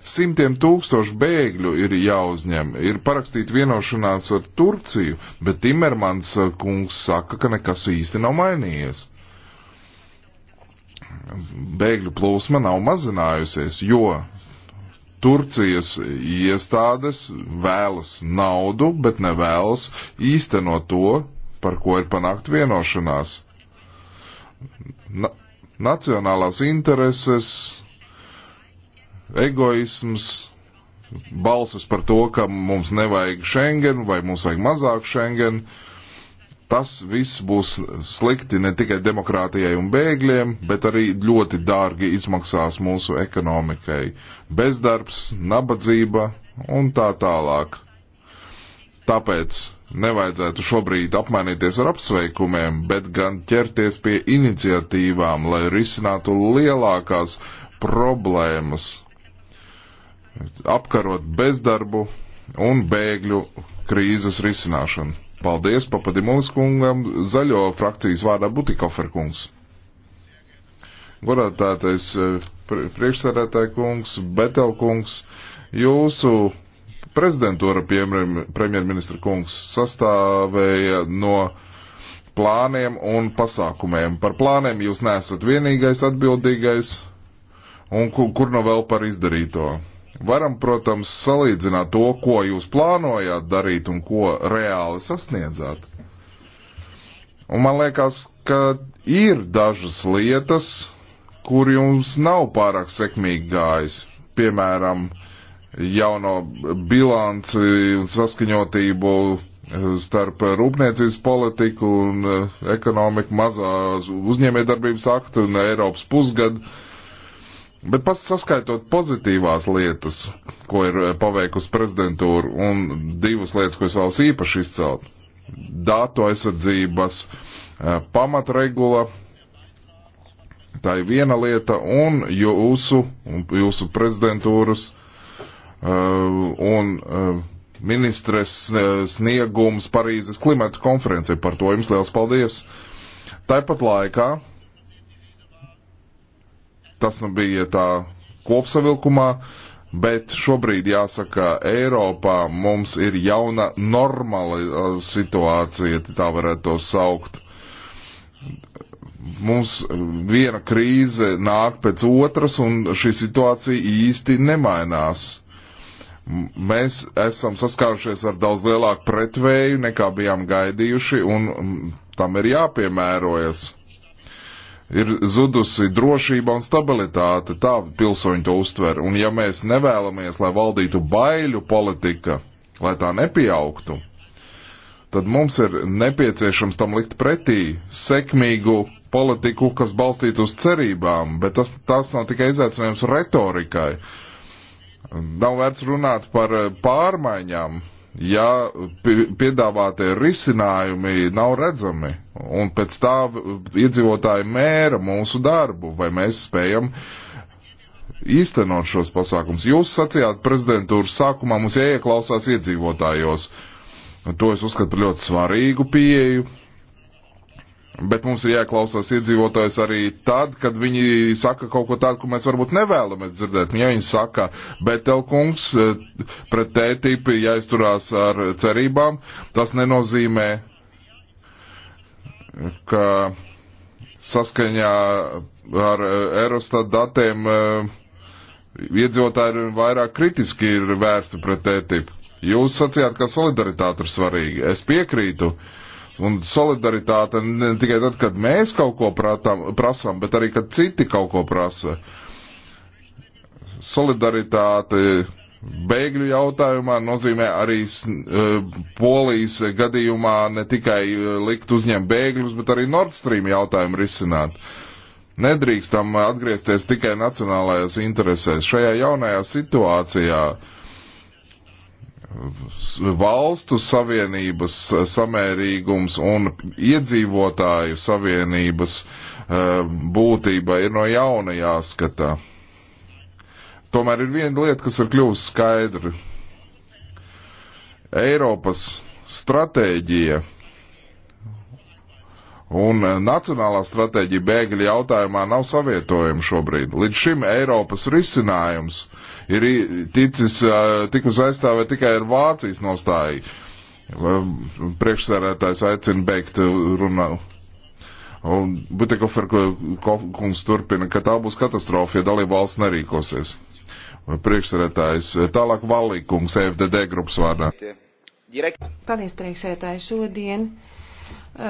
Speaker 1: Simtiem tūkstošu bēgļu ir jāuzņem, ir parakstīta vienošanās ar Turciju, bet Timermans uh, kungs saka, ka nekas īsti nav mainījies. Bēgļu plūsma nav mazinājusies, jo Turcijas iestādes vēlas naudu, bet nevēlas īstenot to, par ko ir panākt vienošanās. Na Nacionālās intereses egoisms, balsis par to, ka mums nevajag Schengen vai mums vajag mazāk Schengen. Tas viss būs slikti ne tikai demokrātijai un bēgļiem, bet arī ļoti dārgi izmaksās mūsu ekonomikai. Bezdarbs, nabadzība un tā tālāk. Tāpēc nevajadzētu šobrīd apmainīties ar apsveikumiem, bet gan ķerties pie iniciatīvām, lai risinātu lielākās problēmas apkarot bezdarbu un bēgļu krīzes risināšanu. Paldies papadimulis kungam, zaļo frakcijas vārdā Butikofer kungs. Godātātais eh, priekšsēdētāja kungs, Betel kungs, jūsu prezidentūra premjerministra kungs sastāvēja no plāniem un pasākumiem. Par plāniem jūs neesat vienīgais atbildīgais un kur, kur nu no vēl par izdarīto. Varam, protams, salīdzināt to, ko jūs plānojāt darīt un ko reāli sasniedzāt. Un man liekas, ka ir dažas lietas, kur jums nav pārāk sekmīgi gājis. Piemēram, jauno bilanci un saskaņotību starp rūpniecības politiku un ekonomiku mazā uzņēmējdarbības aktu un Eiropas pusgadu Bet saskaitot pozitīvās lietas, ko ir eh, paveikusi prezidentūra, un divas lietas, ko es vēlos īpaši izcelt - datu aizsardzības eh, pamatregula, tā ir viena lieta, un jūsu, jūsu prezidentūras eh, un ministres sniegums Parīzes klimata konferencē. Par to jums liels paldies! Tāpat laikā Tas nu bija tā kopsavilkumā, bet šobrīd jāsaka, Eiropā mums ir jauna normāla uh, situācija, tā varētu to saukt. Mums uh, viena krīze nāk pēc otras, un šī situācija īsti nemainās. Mēs esam saskārušies ar daudz lielāku pretvēju, nekā bijām gaidījuši, un tam ir jāpiemērojas ir zudusi drošība un stabilitāte, tā pilsoņi to uztver. Un ja mēs nevēlamies, lai valdītu baiļu politika, lai tā nepieaugtu, tad mums ir nepieciešams tam likt pretī sekmīgu politiku, kas balstītu uz cerībām, bet tas, tas nav tikai izaicinājums retorikai. Nav vērts runāt par eh, pārmaiņām, ja piedāvātie risinājumi nav redzami, un pēc tā iedzīvotāji mēra mūsu darbu, vai mēs spējam īstenot šos pasākums. Jūs sacījāt prezidentūras sākumā mums jāieklausās iedzīvotājos. To es uzskatu par ļoti svarīgu pieeju Bet mums ir jāklausās iedzīvotājs arī tad, kad viņi saka kaut ko tādu, ko mēs varbūt nevēlamies dzirdēt. Ja viņi saka, Betelkungs pret tētību jāizturās ar cerībām, tas nenozīmē, ka saskaņā ar eh, Eurostat datiem eh, iedzīvotāji vairāk kritiski ir vērsti pret tētību. Jūs sacījāt, ka solidaritāte ir svarīga. Es piekrītu. Uh, Un solidaritāte ne tikai tad, kad mēs kaut ko pratam, prasam, bet arī, kad citi kaut ko prasa. Solidaritāte bēgļu jautājumā nozīmē arī uh, polijas gadījumā ne tikai uh, likt uzņemt bēgļus, bet arī Nord Stream jautājumu risināt. Nedrīkstam atgriezties tikai nacionālajās interesēs. Šajā jaunajā situācijā uh, valstu savienības eh, samērīgums un iedzīvotāju savienības eh, būtība ir no jauna jāskatā. Tomēr ir viena lieta, kas ir kļuvusi skaidra. Eiropas stratēģija un nacionālā stratēģija bēgļu jautājumā nav savietojama šobrīd. Līdz šim Eiropas risinājums uh, ir ticis, tikus aizstāvēt tikai ar Vācijas nostāju. Priekšsēdētājs aicina beigt runā. Un Butekofer kungs turpina, ka tā būs katastrofa, ja dalība valsts nerīkosies. Priekšsēdētājs tālāk Valīkungs, FDD grupas vārdā.
Speaker 2: Paldies, priekšsēdētāji, šodien.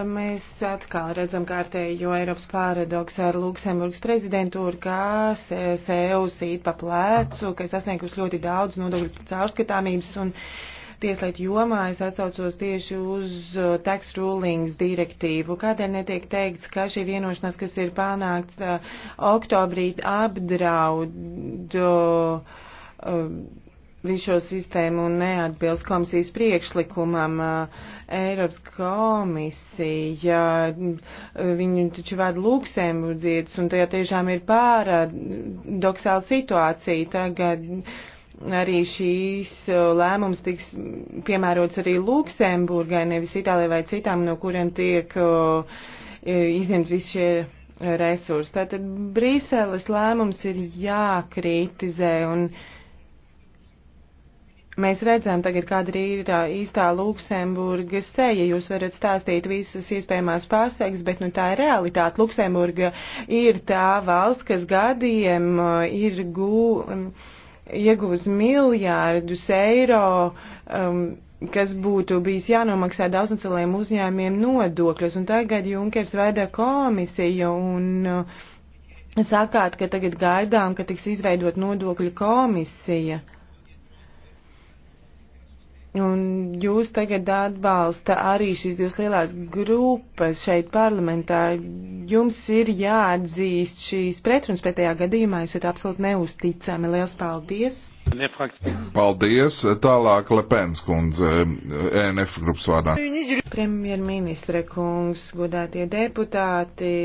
Speaker 2: Mēs atkal redzam kārtējo Eiropas paradoksu ar Luksemburgas prezidentūru, kas sev sīt pa plecu, kas sasniegus ļoti daudz nodokļu caurskatāmības un tieslietu jomā es atsaucos tieši uz tax rulings direktīvu. Kādēļ netiek teikts, ka šī vienošanās, kas ir panākts uh, oktobrī, apdraud. Uh, visu šo sistēmu neatbilst komisijas priekšlikumam. Eh, Eiropas komisija, eh, viņu taču vada Luksemburdzietis, un tajā tiešām ir paradoxāla situācija. Tagad arī šīs eh, lēmums tiks piemērots arī Luksemburgai, nevis Itālijai vai citām, no kuriem tiek izņemt visi šie resursi. Tātad Brīseles lēmums ir jākritizē un. Uh, Mēs redzam tagad, kāda ir īstā Luksemburga seja. Jūs varat stāstīt visas iespējamās pārsteigts, bet nu, tā ir realitāte. Luksemburga ir tā valsts, kas gadiem uh, ir gu, um, iegūs miljārdus eiro. Um, kas būtu bijis jānomaksā daudznacionālajiem uzņēmiem nodokļus, un tagad Junkers veda komisiju un uh, sakāt, ka tagad gaidām, ka tiks izveidot nodokļu komisija. Uh, Un jūs tagad atbalsta arī šīs divas lielās grupas šeit parlamentā. Jums ir jāatzīst šīs pretrunas pretējā gadījumā, jūs esat absolūti neusticami. Liels paldies!
Speaker 1: Paldies! Tālāk Lepens kundze, ENF grupas vārdā.
Speaker 2: Premjerministre kungs, godātie deputāti,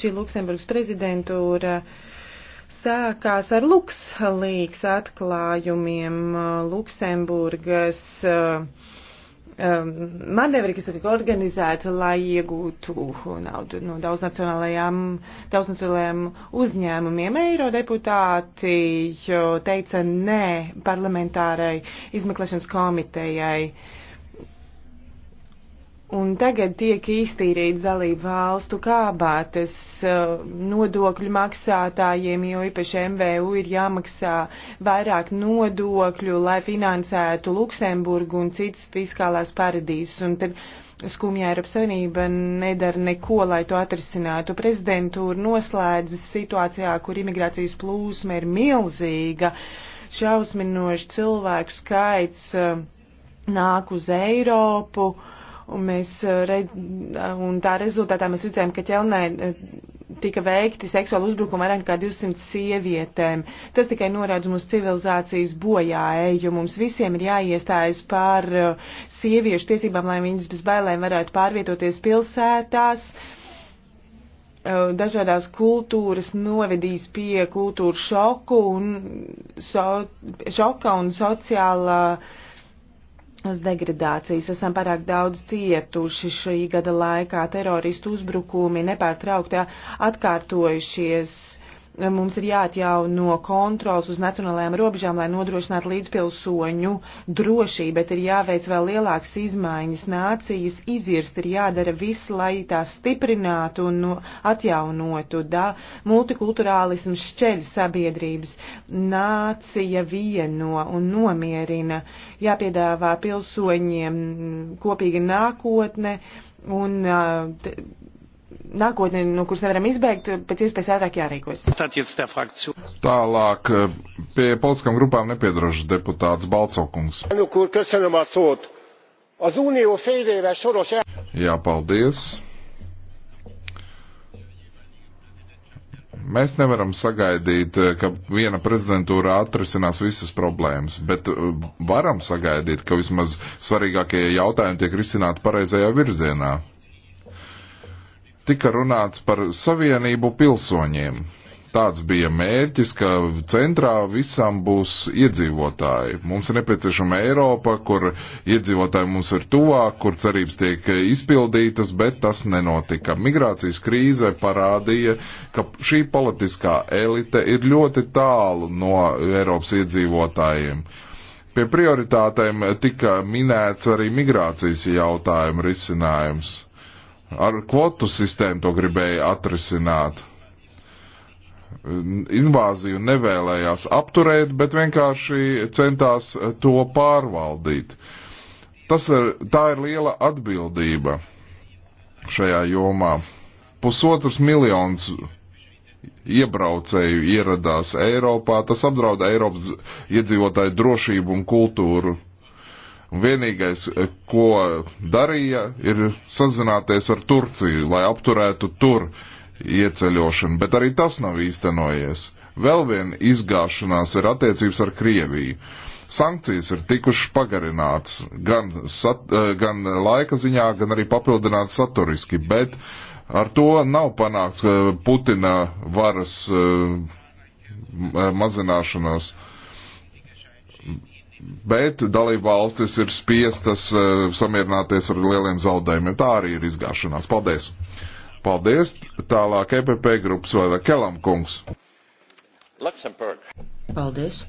Speaker 2: šī Luksemburgas prezidentūra. Uh, sākās ar Luxlīgas atklājumiem uh, Luksemburgas uh, um, manevri, kas tika organizēti, lai iegūtu naudu no daudznacionālajām, daudznacionālajām uzņēmumiem. Eirodeputāti teica nē parlamentārai izmeklēšanas komitejai. Uh, Un tagad tiek īstīrīts dalību valstu kābātas eh, nodokļu maksātājiem, jo īpaši MVU ir jāmaksā vairāk nodokļu, lai finansētu Luksemburgu un citas fiskālās paradīzes. Un tad skumjā Eiropas Savienība nedara neko, lai to atrisinātu. Prezidentūra noslēdzas situācijā, kur imigrācijas plūsma ir milzīga, šausminoši cilvēku skaits eh, nāk uz Eiropu. Uh, Un, mēs, eh, un tā rezultātā mēs redzējām, ka ķelnē eh, tika veikti seksuāli uzbrukumi vairāk nekā 200 sievietēm. Tas tikai norāda mums civilizācijas bojā eju. Mums visiem ir jāiestājas par eh, sieviešu tiesībām, lai viņas bez bailēm varētu pārvietoties pilsētās. Dažādās kultūras novedīs pie kultūras šoku un so, šoka un sociālā uh, uz degradācijas. Esam pārāk daudz cietuši šī gada laikā. Teroristu uzbrukumi nepārtraukti atkārtojušies mums ir jāatjauno kontrols uz nacionālajām robežām, lai nodrošinātu līdzpilsoņu drošību, bet ir jāveic vēl lielākas izmaiņas. Nācijas izirst ir jādara viss, lai tās stiprinātu un nu, atjaunotu. Da, multikulturālisms šķeļ sabiedrības. Nācija vieno un nomierina. Jāpiedāvā pilsoņiem kopīga nākotne un. Uh, nākotne, no kuras nevaram izbēgt, pēc iespējas ātrāk jārīkojas.
Speaker 1: Tālāk eh, pie politiskām grupām nepiedarošs deputāts Balcokungs. Jā, paldies. Mēs nevaram sagaidīt, eh, ka viena prezidentūra atrisinās visas problēmas, bet eh, varam sagaidīt, ka vismaz svarīgākie jautājumi tiek risināti pareizajā virzienā tika runāts par savienību pilsoņiem. Tāds bija mērķis, ka centrā visam būs iedzīvotāji. Mums ir nepieciešama Eiropa, kur iedzīvotāji mums ir tuvāk, kur cerības tiek izpildītas, bet tas nenotika. Migrācijas krīze parādīja, ka šī politiskā elite ir ļoti tālu no Eiropas iedzīvotājiem. Pie prioritātēm tika minēts arī migrācijas jautājumu risinājums Ar kvotu sistēmu to gribēja atrisināt. Invāziju nevēlējās apturēt, bet vienkārši centās to pārvaldīt. Tas ir, tā ir liela atbildība šajā jomā. Pusotrs miljons iebraucēju ieradās Eiropā, tas apdrauda Eiropas iedzīvotāju drošību un kultūru. Un vienīgais, eh, ko darīja, ir sazināties ar Turciju, lai apturētu tur ieceļošanu, bet arī tas nav īstenojies. Vēl viena izgāšanās ir attiecības ar Krieviju. Sankcijas ir tikušas pagarinātas gan, sat, eh, gan laika ziņā, gan arī papildinātas saturiski, bet ar to nav panākts eh, Putina varas mazināšanos. Uh, mazināšanos bet dalība valstis ir spiestas eh, samierināties ar lieliem zaudējumiem. Tā arī ir izgāšanās. Paldies! Paldies! Tālāk EPP grupas vai Kelam kungs.
Speaker 3: Luxemburg. Paldies!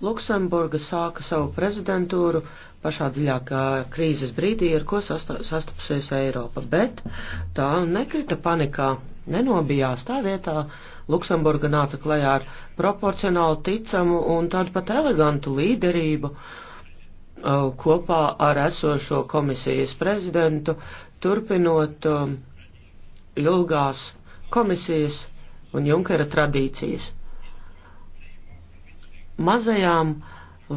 Speaker 3: Luksemburga sāka savu prezidentūru pašā dziļākā krīzes brīdī, ar ko sastapusies Eiropa, bet tā nekrita panikā, nenobijās tā vietā, Luksemburga nāca klajā ar proporcionāli ticamu un tādu pat elegantu līderību uh, kopā ar esošo komisijas prezidentu, turpinot um, ilgās komisijas un Junkera tradīcijas. Mazajām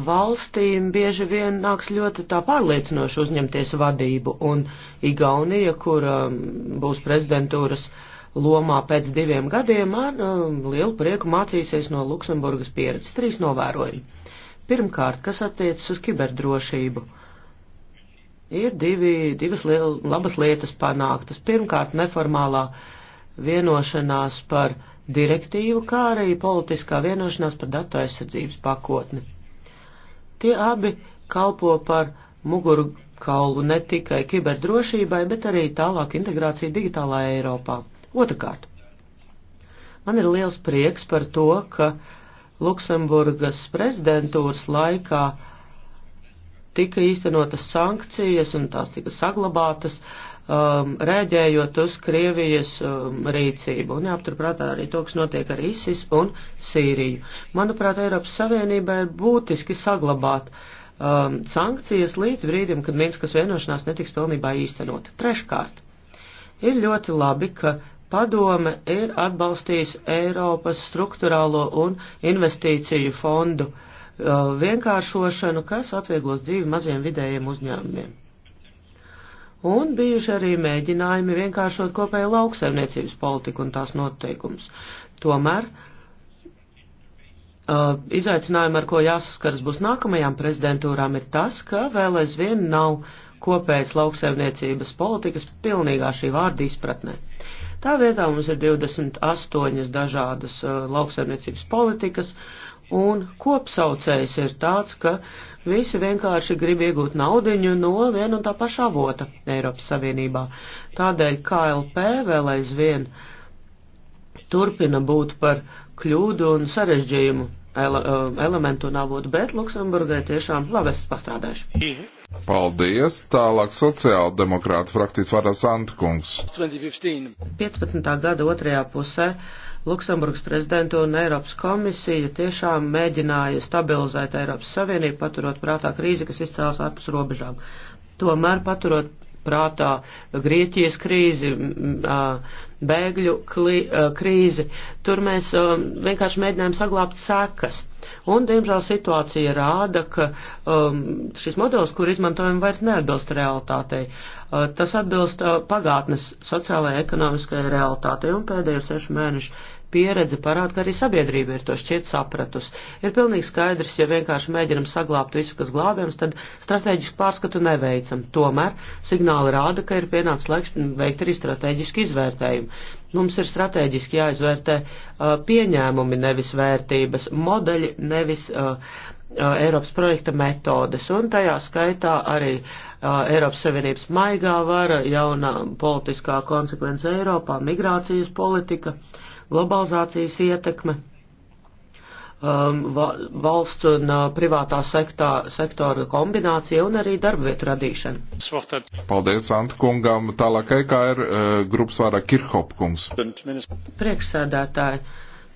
Speaker 3: valstīm bieži vien nāks ļoti tā pārliecinoši uzņemties vadību, un Igaunija, kur um, būs prezidentūras uh, lomā pēc diviem gadiem ar um, lielu prieku mācīsies no Luksemburgas pieredzes trīs novērojumi. Pirmkārt, kas attiecas uz kiberdrošību. Ir divi, divas liel, labas lietas panāktas. Pirmkārt, neformālā vienošanās par direktīvu, kā arī politiskā vienošanās par datu aizsardzības pakotni. Tie abi kalpo par muguru kaulu ne tikai kiberdrošībai, bet arī tālāk integrācija digitālā Eiropā. Otrakārt, man ir liels prieks par to, ka Luksemburgas prezidentūras laikā tika īstenotas sankcijas un tās tika saglabātas, um, rēģējot uz Krievijas um, rīcību un jāapturprātā arī to, kas notiek ar ISIS un Sīriju. Manuprāt, Eiropas Savienībai ir būtiski saglabāt um, sankcijas līdz brīdim, kad Minskas vienošanās netiks pilnībā īstenota. Treškārt, ir ļoti labi, ka Padome ir atbalstījusi Eiropas struktūrālo un investīciju fondu uh, vienkāršošanu, kas atvieglos dzīvi maziem vidējiem uzņēmumiem. Un bijuši arī mēģinājumi vienkāršot kopēju lauksaimniecības politiku un tās noteikumus. Tomēr Uh, izaicinājumi, ar ko jāsaskaras būs nākamajām prezidentūrām, ir tas, ka vēl aizvien nav kopējas lauksaimniecības politikas pilnīgā šī vārda izpratnē. Tā vietā mums ir 28 dažādas uh, lauksaimniecības politikas, un kopsaucējs ir tāds, ka visi vienkārši grib iegūt naudiņu no viena un tā pašā avota Eiropas Savienībā. Tādēļ KLP vēl aizvien turpina būt par kļūdu un sarežģījumu ele uh, elementu un avotu, bet Luksemburgai tiešām labi esat pastrādājuši.
Speaker 1: Paldies! Tālāk sociāldemokrāta frakcijas varas Antkungs.
Speaker 3: 15. gada otrajā pusē Luksemburgas prezidentu un Eiropas komisija tiešām mēģināja stabilizēt Eiropas Savienību, paturot prātā krīzi, kas izcēlās ārpus robežām. Tomēr paturot prātā Grieķijas krīzi, bēgļu krīzi, tur mēs vienkārši mēģinājām saglābt sekas Un, diemžēl, situācija rāda, ka um, šis modelis, kur izmantojam, vairs neatbilst realitātei. Uh, tas atbilst uh, pagātnes sociālajai ekonomiskajai realitātei. Un pēdējo sešu mēnešu pieredze parāda, ka arī sabiedrība ir to šķiet sapratus. Ir pilnīgi skaidrs, ja vienkārši mēģinam saglābt visu, kas glābjams, tad strateģisku pārskatu neveicam. Tomēr signāli rāda, ka ir pienācis laiks veikt arī strateģisku izvērtējumu. Mums ir strateģiski jāizvērtē uh, pieņēmumi, nevis vērtības, modeļi, nevis uh, uh Eiropas projekta metodes, un tajā skaitā arī uh, Eiropas Savienības maigā vara, jaunā politiskā konsekvence Eiropā, migrācijas politika. Uh, globalizācijas ietekme, um, valsts un uh, privātā sektā, sektora kombinācija un arī darba vietu radīšana.
Speaker 1: Paldies Anta kungam. Tālāk EKR uh, grupas vārā Kirhop kungs.
Speaker 3: Priekšsēdētāji.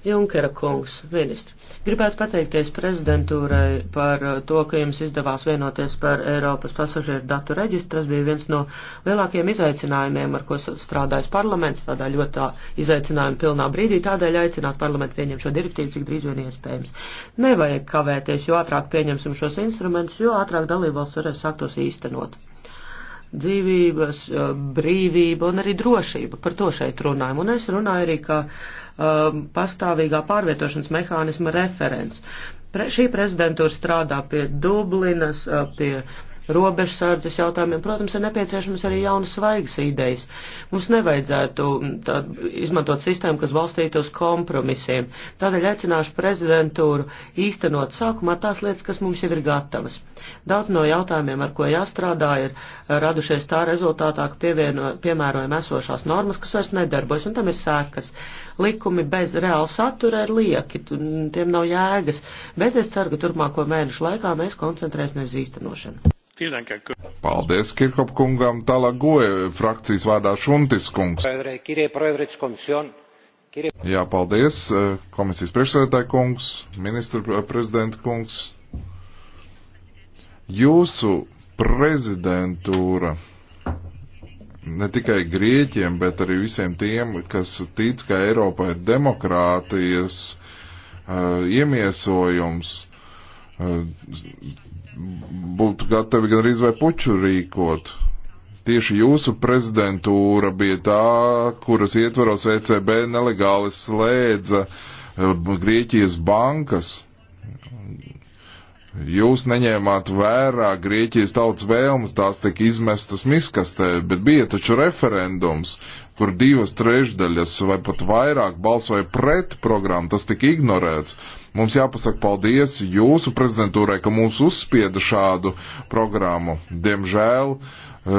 Speaker 3: Junkera kungs, ministri, gribētu pateikties prezidentūrai par uh, to, ka jums izdevās vienoties par Eiropas pasažieru datu reģistru. Tas bija viens no lielākajiem izaicinājumiem, ar ko strādājas parlaments, tādā ļoti tā izaicinājuma pilnā brīdī. Tādēļ aicināt parlamentu pieņemt šo direktīvu, cik drīz vien iespējams. Nevajag kavēties, jo ātrāk pieņemsim šos instrumentus, jo ātrāk dalībvalsts varēs sākt tos īstenot dzīvības, uh, brīvība un arī drošība. Par to šeit runājam. Un es runāju arī kā um, pastāvīgā pārvietošanas mehānisma referents. Pre, šī prezidentūra strādā pie Dublinas, uh, pie robežsardzes jautājumiem. Protams, ir nepieciešams arī jaunas svaigas idejas. Mums nevajadzētu mm, tā, izmantot sistēmu, kas balstītu uz kompromisiem. Tādēļ aicināšu prezidentūru īstenot sākumā tās lietas, kas mums jau ir gatavas. Daudz no jautājumiem, ar ko jāstrādā, ir radušies tā rezultātā, ka pievieno, piemērojam esošās normas, kas vairs nedarbojas, un tam ir sēkas. Likumi bez reāla satura ir lieki, tiem nav jēgas, bet es ceru, ka turpmāko mēnešu laikā mēs koncentrēsimies uz īstenošanu.
Speaker 1: Paldies Kirkop kungam, tālāk goja frakcijas vārdā Šuntis kungs. Jā, paldies, eh, komisijas priekšsēdētāji kungs, ministra prezidenta kungs. Jūsu prezidentūra ne tikai grieķiem, bet arī visiem tiem, kas tic, ka Eiropa ir demokrātijas uh, iemiesojums, būtu gatavi gan arī vai puču rīkot. Tieši jūsu prezidentūra bija tā, kuras ietvaros ECB nelegāli slēdza eh, Grieķijas bankas. Jūs neņēmāt vērā Grieķijas tautas vēlmes, tās tika izmestas miskastē, bet bija taču referendums kur divas trešdaļas vai pat vairāk balsoja pret programmu, tas tika ignorēts. Mums jāpasaka paldies jūsu prezidentūrai, ka mūs uzspieda šādu programmu. Diemžēl eh,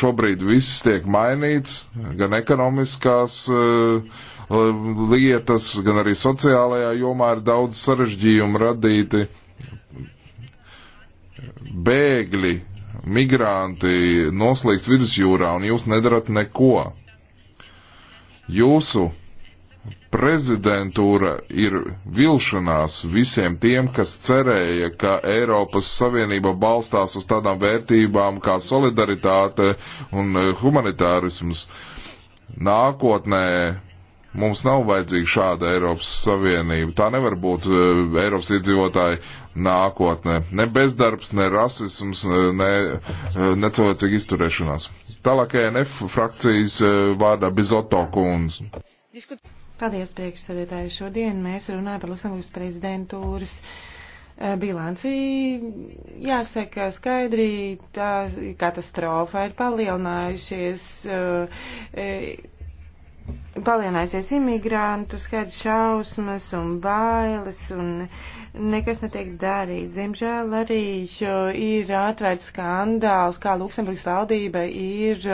Speaker 1: šobrīd viss tiek mainīts, gan ekonomiskās eh, lietas, gan arī sociālajā jomā ir daudz sarežģījumu radīti. Bēgļi migranti noslēgts vidusjūrā un jūs nedarat neko. Jūsu prezidentūra ir vilšanās visiem tiem, kas cerēja, ka Eiropas Savienība balstās uz tādām vērtībām kā solidaritāte un eh, humanitārisms. Nākotnē Mums nav vajadzīga šāda Eiropas Savienība. Tā nevar būt uh, Eiropas iedzīvotāji nākotnē. Ne bezdarbs, ne rasisms, eh, ne uh, eh, necilvēcīga izturēšanās. Tālāk ENF frakcijas uh, vārdā Bizoto kundz.
Speaker 2: Paldies, priekšsēdētāji. Šodien mēs runājam par Luksemburgas prezidentūras bilanci, jāsaka, skaidri tā katastrofa ir palielinājušies. Uh, e, palielināsies imigrantu skaits, šausmas un bailes, un nekas netiek darīts. Diemžēl arī ir atvērts skandāls, kā Luksemburgas valdība ir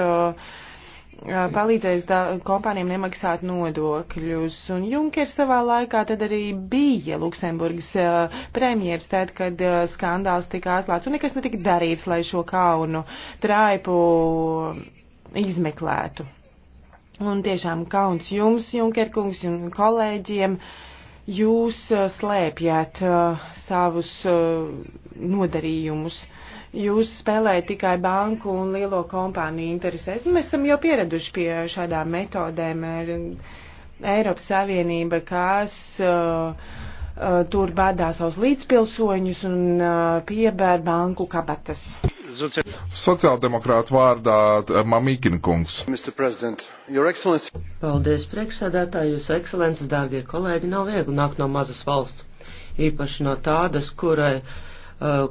Speaker 2: palīdzējis kompānijām nemaksāt nodokļus. Un Junkers savā laikā tad arī bija Luksemburgas premjers, tad, kad skandāls tika atklāts, un nekas netika darīts, lai šo kaunu traipu izmeklētu. Un tiešām kauns jums, Junkerkungs, un kolēģiem. Jūs uh, slēpjat uh, savus uh, nodarījumus. Jūs spēlējat tikai banku un lielo kompāniju interesēs. Mēs esam jau pieraduši pie šādām metodēm. Eiropas Savienība, kas uh, uh, tur bādā savus līdzpilsoņus un uh, piebēr banku kabatas.
Speaker 1: Sociāldemokrāta vārdā eh, Mamīkina kungs.
Speaker 3: Paldies, priekšsēdētāji, jūs ekscelences, dārgie kolēģi, nav viegli nākt no mazas valsts, īpaši no tādas, kurai eh,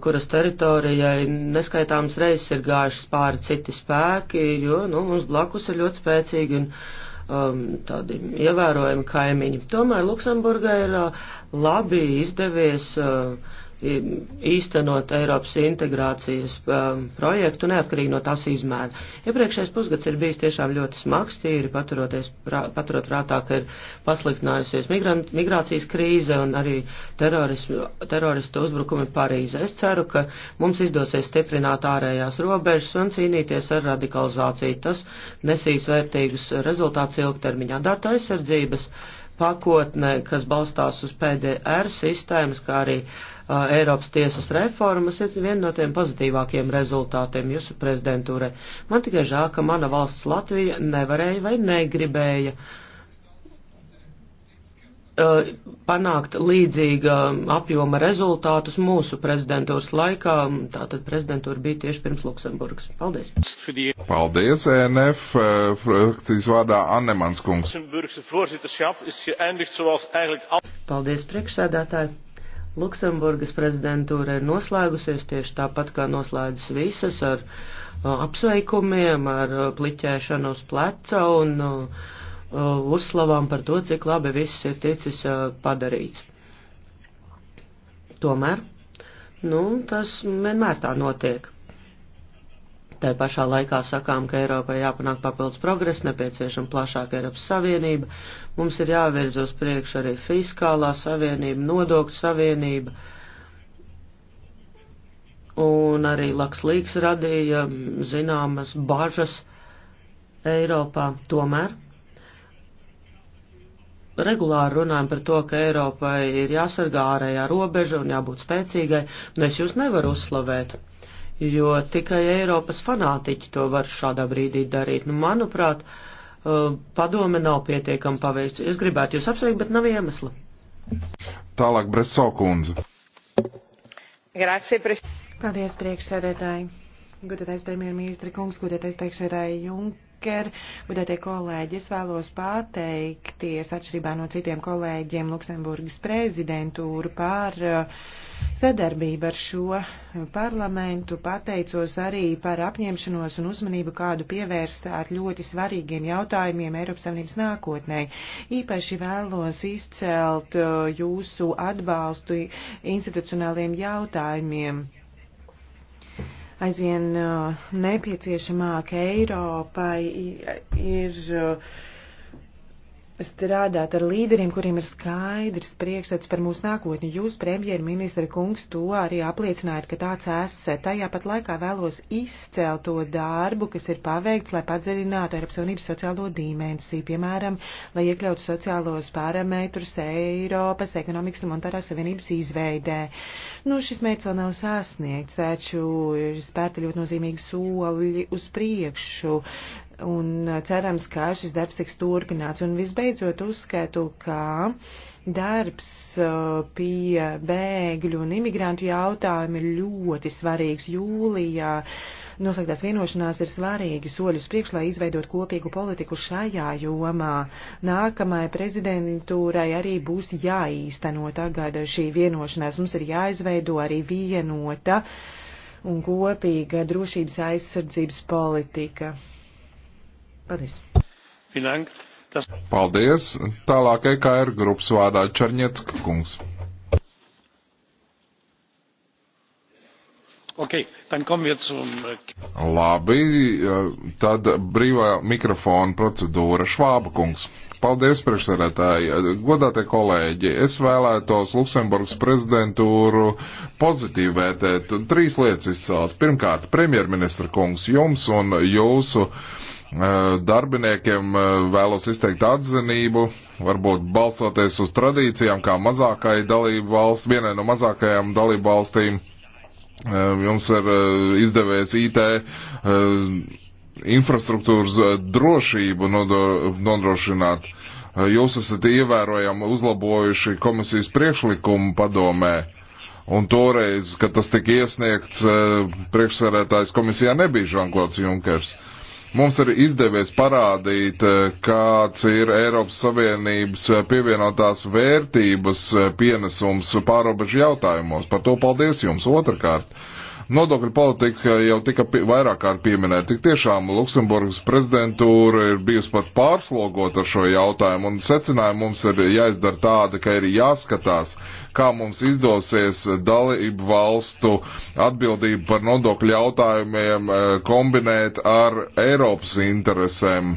Speaker 3: kuras teritorijai neskaitāmas reizes ir gājušas pāri citi spēki, jo nu, mums blakus ir ļoti spēcīgi un um, tādi ievērojami kaimiņi. Tomēr Luksemburgai ir uh, labi izdevies uh, īstenot Eiropas integrācijas um, projektu neatkarīgi no tās izmēra. Iepriekšējais pusgads ir bijis tiešām ļoti smags, tīri paturot prātā, ka ir pasliktinājusies migrācijas krīze un arī teroristu uzbrukumi Parīzē. Es ceru, ka mums izdosies stiprināt ārējās robežas un cīnīties ar radikalizāciju. Tas nesīs vērtīgus rezultātus ilgtermiņā. Data aizsardzības pakotne, kas balstās uz PDR sistēmas, kā arī uh, Eiropas tiesas reformas ir viena no tiem pozitīvākiem rezultātiem jūsu prezidentūrē. Man tikai žēl, ka mana valsts Latvija nevarēja vai negribēja panākt līdzīga apjoma rezultātus mūsu prezidentūras laikā. Tātad prezidentūra bija tieši pirms Luksemburgas. Paldies.
Speaker 1: Paldies, ENF. Fraktīs vārdā Annemans kungs.
Speaker 3: Paldies, priekšsēdētāji. Luksemburgas prezidentūra ir noslēgusies tieši tāpat, kā noslēdzas visas ar uh, apsveikumiem, ar uh, pliķēšanu uz pleca un uh, uh uzslavām par to, cik labi viss ir ticis uh, padarīts. Tomēr, nu, tas vienmēr tā notiek. Tā pašā laikā sakām, ka Eiropai jāpanāk papildus progress, nepieciešama plašāka Eiropas Savienība, mums ir jāvirzos priekš arī fiskālā savienība, nodokļu savienība, un arī Lakslīgs radīja zināmas bažas Eiropā. Tomēr regulāri runājam par to, ka Eiropai ir jāsargā ārējā robeža un jābūt spēcīgai, un nu, es jūs nevaru uzslavēt jo tikai Eiropas fanātiķi to var šādā brīdī darīt. Nu, manuprāt, uh, padome nav pietiekami paveikts. Es gribētu jūs apsveikt, bet nav iemesla.
Speaker 1: Tālāk Breso kundze.
Speaker 2: Grācie, pres... Paldies, priekšsēdētāji. Gudētais premjerministri kungs, gudētais priekšsēdētāji Junkas Beker. Budētie kolēģi, es vēlos pateikties atšķirībā no citiem kolēģiem Luksemburgas prezidentūru par uh, sadarbību ar šo parlamentu. Pateicos arī par apņemšanos un uzmanību, kādu pievērstāt ļoti svarīgiem jautājumiem Eiropas Savienības nākotnē. Īpaši vēlos izcelt uh, jūsu atbalstu institucionāliem jautājumiem aizvien uh, nepieciešamāk Eiropai ir uh, strādāt ar līderiem, kuriem ir skaidrs priekšsats par mūsu nākotni. Jūs, premjerministra kungs, to arī apliecinājat, ka tāds esat. Tajā pat laikā vēlos izcelt to darbu, kas ir paveikts, lai padziļinātu Eiropas Savienības sociālo dimensiju, piemēram, lai iekļautu sociālos parametrus Eiropas ekonomikas un monetārās savienības izveidē. Nu, šis mērķis vēl nav sasniegts, taču ir spērta ļoti nozīmīgi soļi uz priekšu un cerams, ka šis darbs tiks turpināts. Un visbeidzot uzskatu, ka darbs uh, pie bēgļu un imigrantu jautājumu ir ļoti svarīgs jūlijā. Noslēgtās vienošanās ir svarīgi soļus priekš, lai izveidot kopīgu politiku šajā jomā. Nākamajai prezidentūrai arī būs jāīsteno tagad šī vienošanās. Mums ir jāizveido arī vienota un kopīga drošības aizsardzības politika. Paldies!
Speaker 1: Paldies! Tālāk EKR grupas vārdā Čarņecka kungs.
Speaker 2: Okay, un... Äh,
Speaker 1: Labi, tad brīvā mikrofona procedūra Švāba kungs. Paldies, priekšsarētāji. Godātie kolēģi, es vēlētos Luksemburgas prezidentūru pozitīvi vērtēt. Trīs lietas izcelt. Pirmkārt, premjerministra kungs, jums un jūsu uh, Eh, darbiniekiem eh, vēlos izteikt atzinību, varbūt balstoties uz tradīcijām, kā mazākai dalību valsts, vienai no mazākajām dalību valstīm. Eh, jums ir izdevies IT infrastruktūras drošību nodrošināt. Jūs esat ievērojami uzlabojuši komisijas priekšlikumu padomē. Un toreiz, kad tas tika iesniegts, priekšsarētājs komisijā nebija Žanklots Junkers. Uh, Mums ir izdevies parādīt, eh, kāds ir Eiropas Savienības eh, pievienotās vērtības eh, pienesums pārobežu jautājumos. Par to paldies jums otrkārt. Uh, Nodokļu politika jau tika vairāk kārt pieminēta. Tik tiešām Luksemburgas prezidentūra ir bijusi pat pārslogota ar šo jautājumu, un secinājumi mums ir jāizdara tāda, ka ir jāskatās, kā mums izdosies dalību valstu atbildību par nodokļu jautājumiem eh, kombinēt ar Eiropas interesēm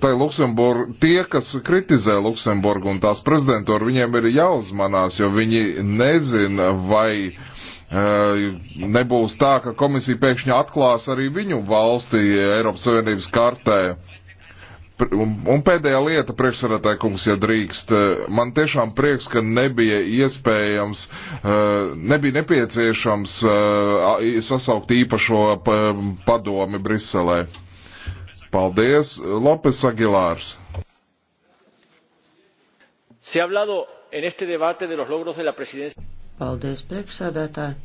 Speaker 1: Tā ir Luksemburga. Tie, kas kritizē Luksemburgu un tās prezidentūru, viņiem ir jāuzmanās, jo viņi nezina, vai eh, nebūs tā, ka komisija pēkšņi atklās arī viņu valsti Eiropas Savienības kartē. Un pēdējā lieta, priekšsarētāji kungs, ja drīkst, eh, man tiešām prieks, ka nebija iespējams, eh, nebija nepieciešams sasaukt īpašo padomi Briselē. Paldies, Lopes Agilārs.
Speaker 3: Se ha hablado en este debate de los logros de la presidencia. Paldies, priekšsēdētāji.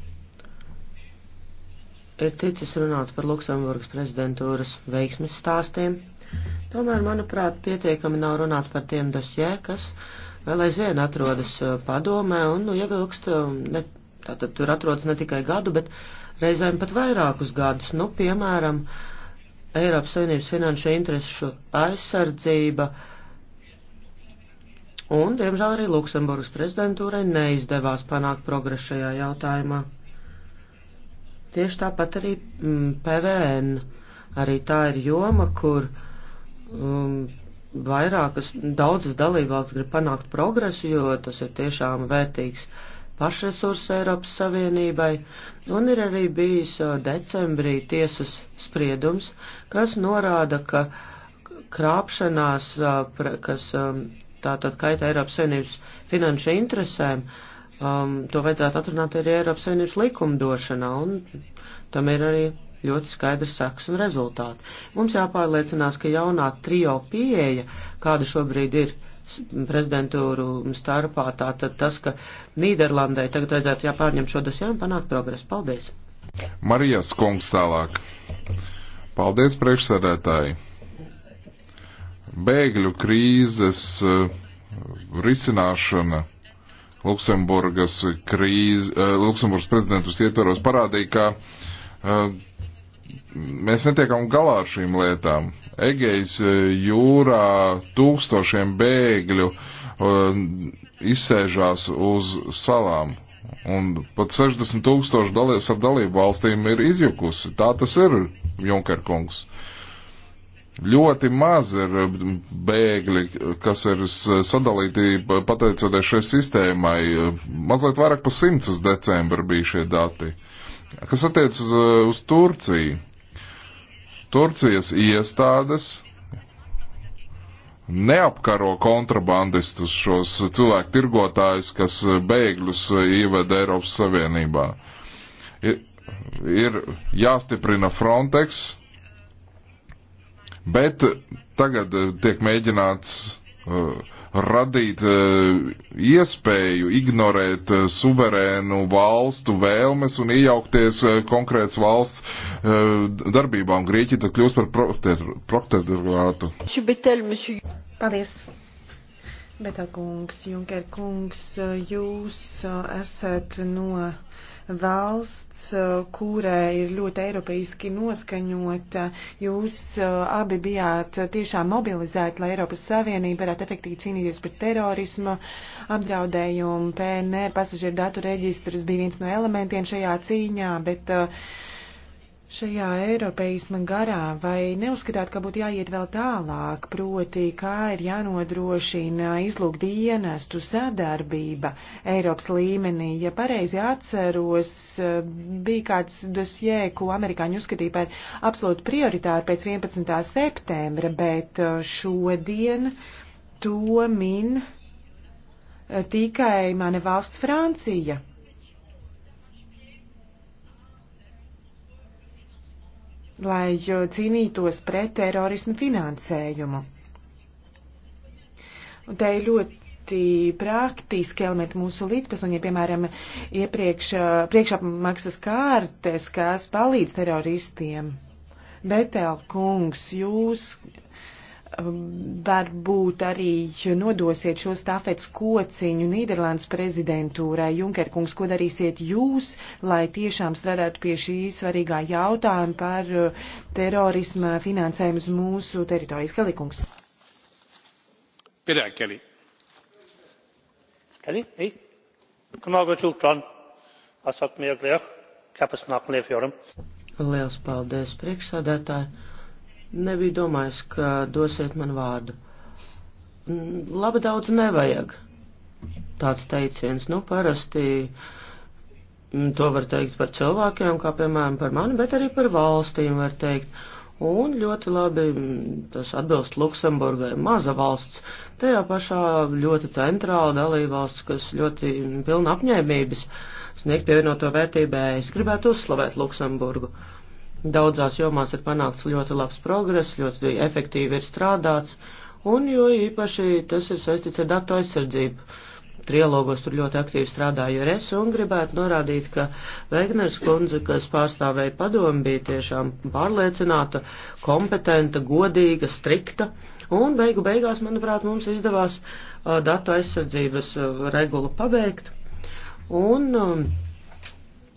Speaker 3: Ir ticis runāts par Luksemburgas prezidentūras veiksmes stāstiem. Tomēr, manuprāt, pietiekami nav runāts par tiem dosjē, kas vēl aizvien atrodas uh, padomē un, nu, ievilkst, um, ne, tātad tur atrodas ne tikai gadu, bet reizēm pat vairākus gadus. Nu, piemēram, uh, Eiropas Savienības finanšu interesu aizsardzība. Un, diemžēl, arī Luksemburgas prezidentūrai neizdevās panākt progresu šajā jautājumā. Tieši tāpat arī mm, PVN. Arī tā ir joma, kur um, vairākas, daudzas dalībvalsts grib panākt progresu, jo tas ir tiešām vērtīgs uh, pašresursu Eiropas Savienībai, un ir arī bijis decembrī tiesas spriedums, kas norāda, ka krāpšanās, kas tātad kaita Eiropas Savienības finanšu interesēm, to vajadzētu atrunāt arī Eiropas Savienības likumdošanā, un tam ir arī ļoti skaidrs saks un rezultāti. Mums jāpārliecinās, ka jaunā trio pieeja, kāda šobrīd ir prezidentūru starpā, tātad tas, ka Nīderlandē tagad vajadzētu jāpārņem šo dosiju un panākt progresu. Paldies!
Speaker 1: Marijas kungs tālāk. Paldies priekšsēdētāji. Bēgļu krīzes eh, risināšana Luksemburgas krīze, eh, Luksemburgas prezidentus ietvaros parādīja, ka eh, mēs netiekam galā ar šīm lietām. Egejas e, jūrā tūkstošiem bēgļu uh, izsēžās uz salām. Un pat 60 tūkstoši dalies ar dalību valstīm ir izjukusi. Tā tas ir, Junker kungs. Ļoti maz ir e, bēgļi, kas ir sadalīti pateicoties šai sistēmai. Mazliet vairāk pa simts uz decembra bija šie dati. Uh, Kas attiecas uz, eh, uz Turciju? Turcijas iestādes neapkaro kontrabandistus, šos cilvēku tirgotājus, kas bēgļus ievada Eiropas Savienībā. Ir, ir jāstiprina Frontex, bet tagad tiek mēģināts uh, radīt e, iespēju ignorēt e, suverēnu valstu vēlmes un iejaukties e, konkrēts valsts darbībām. Grieķija tad kļūst par protektorātu.
Speaker 2: Paldies! Betelkungs, Junker kungs, jūs esat no valsts, eh, kurai ir ļoti eiropeiski noskaņota. Jūs eh, abi bijāt tiešām mobilizēti, lai Eiropas Savienība varētu efektīvi cīnīties par terorismu apdraudējumu. PNR pasažieru datu reģistrs bija viens no elementiem šajā cīņā, bet uh, šajā Eiropeisma garā, vai neuzskatāt, ka būtu jāiet vēl tālāk, proti, kā ir jānodrošina izlūk dienestu sadarbība Eiropas līmenī? Ja pareizi atceros, bija kāds dosjē, ko amerikāņi uzskatīja par absolūtu prioritāru pēc 11. septembra, bet uh, šodien to min uh, tikai mana valsts Francija. lai cīnītos pret terorismu finansējumu. Un te ir ļoti praktiski elementi mūsu līdzpilsoņiem, piemēram, iepriekš priekšapmaksas kārtes, kas palīdz teroristiem. Betel kungs, jūs varbūt arī nodosiet šo stafets kociņu Nīderlandes prezidentūrai. Junker kungs, ko darīsiet jūs, lai tiešām strādātu pie šī svarīgā jautājuma par eh, terorisma finansējumu uz mūsu teritorijas? Kalikungs.
Speaker 1: Pirmā, Kelly. Kelly, hei. Kunāga
Speaker 3: Čulčan, asāk mieglēk, kāpēc nāk nefjoram. Liels paldies, priekšsādētāji. Nebija domājis, ka dosiet man vārdu. Mm, labi daudz nevajag. Tāds teiciens, nu parasti mm, to var teikt par cilvēkiem, kā piemēram par mani, bet arī par valstīm var teikt. Un ļoti labi mm, tas atbilst Luksemburgai, maza valsts, tajā pašā ļoti centrāla dalībvalsts, kas ļoti pilna apņēmības sniegt pievienoto vērtību. Es gribētu uzslavēt Luksemburgu. Uh, Daudzās jomās ir panākts ļoti labs progress, ļoti efektīvi ir strādāts, un jo īpaši tas ir saistīts ar datu aizsardzību. Trialogos tur ļoti aktīvi strādāju ar es un gribētu norādīt, ka Vegners kundze, kas pārstāvēja padomu, bija tiešām pārliecināta, kompetenta, godīga, strikta. Un beigu beigās, manuprāt, mums izdevās uh, datu aizsardzības uh, regulu pabeigt. Un, uh,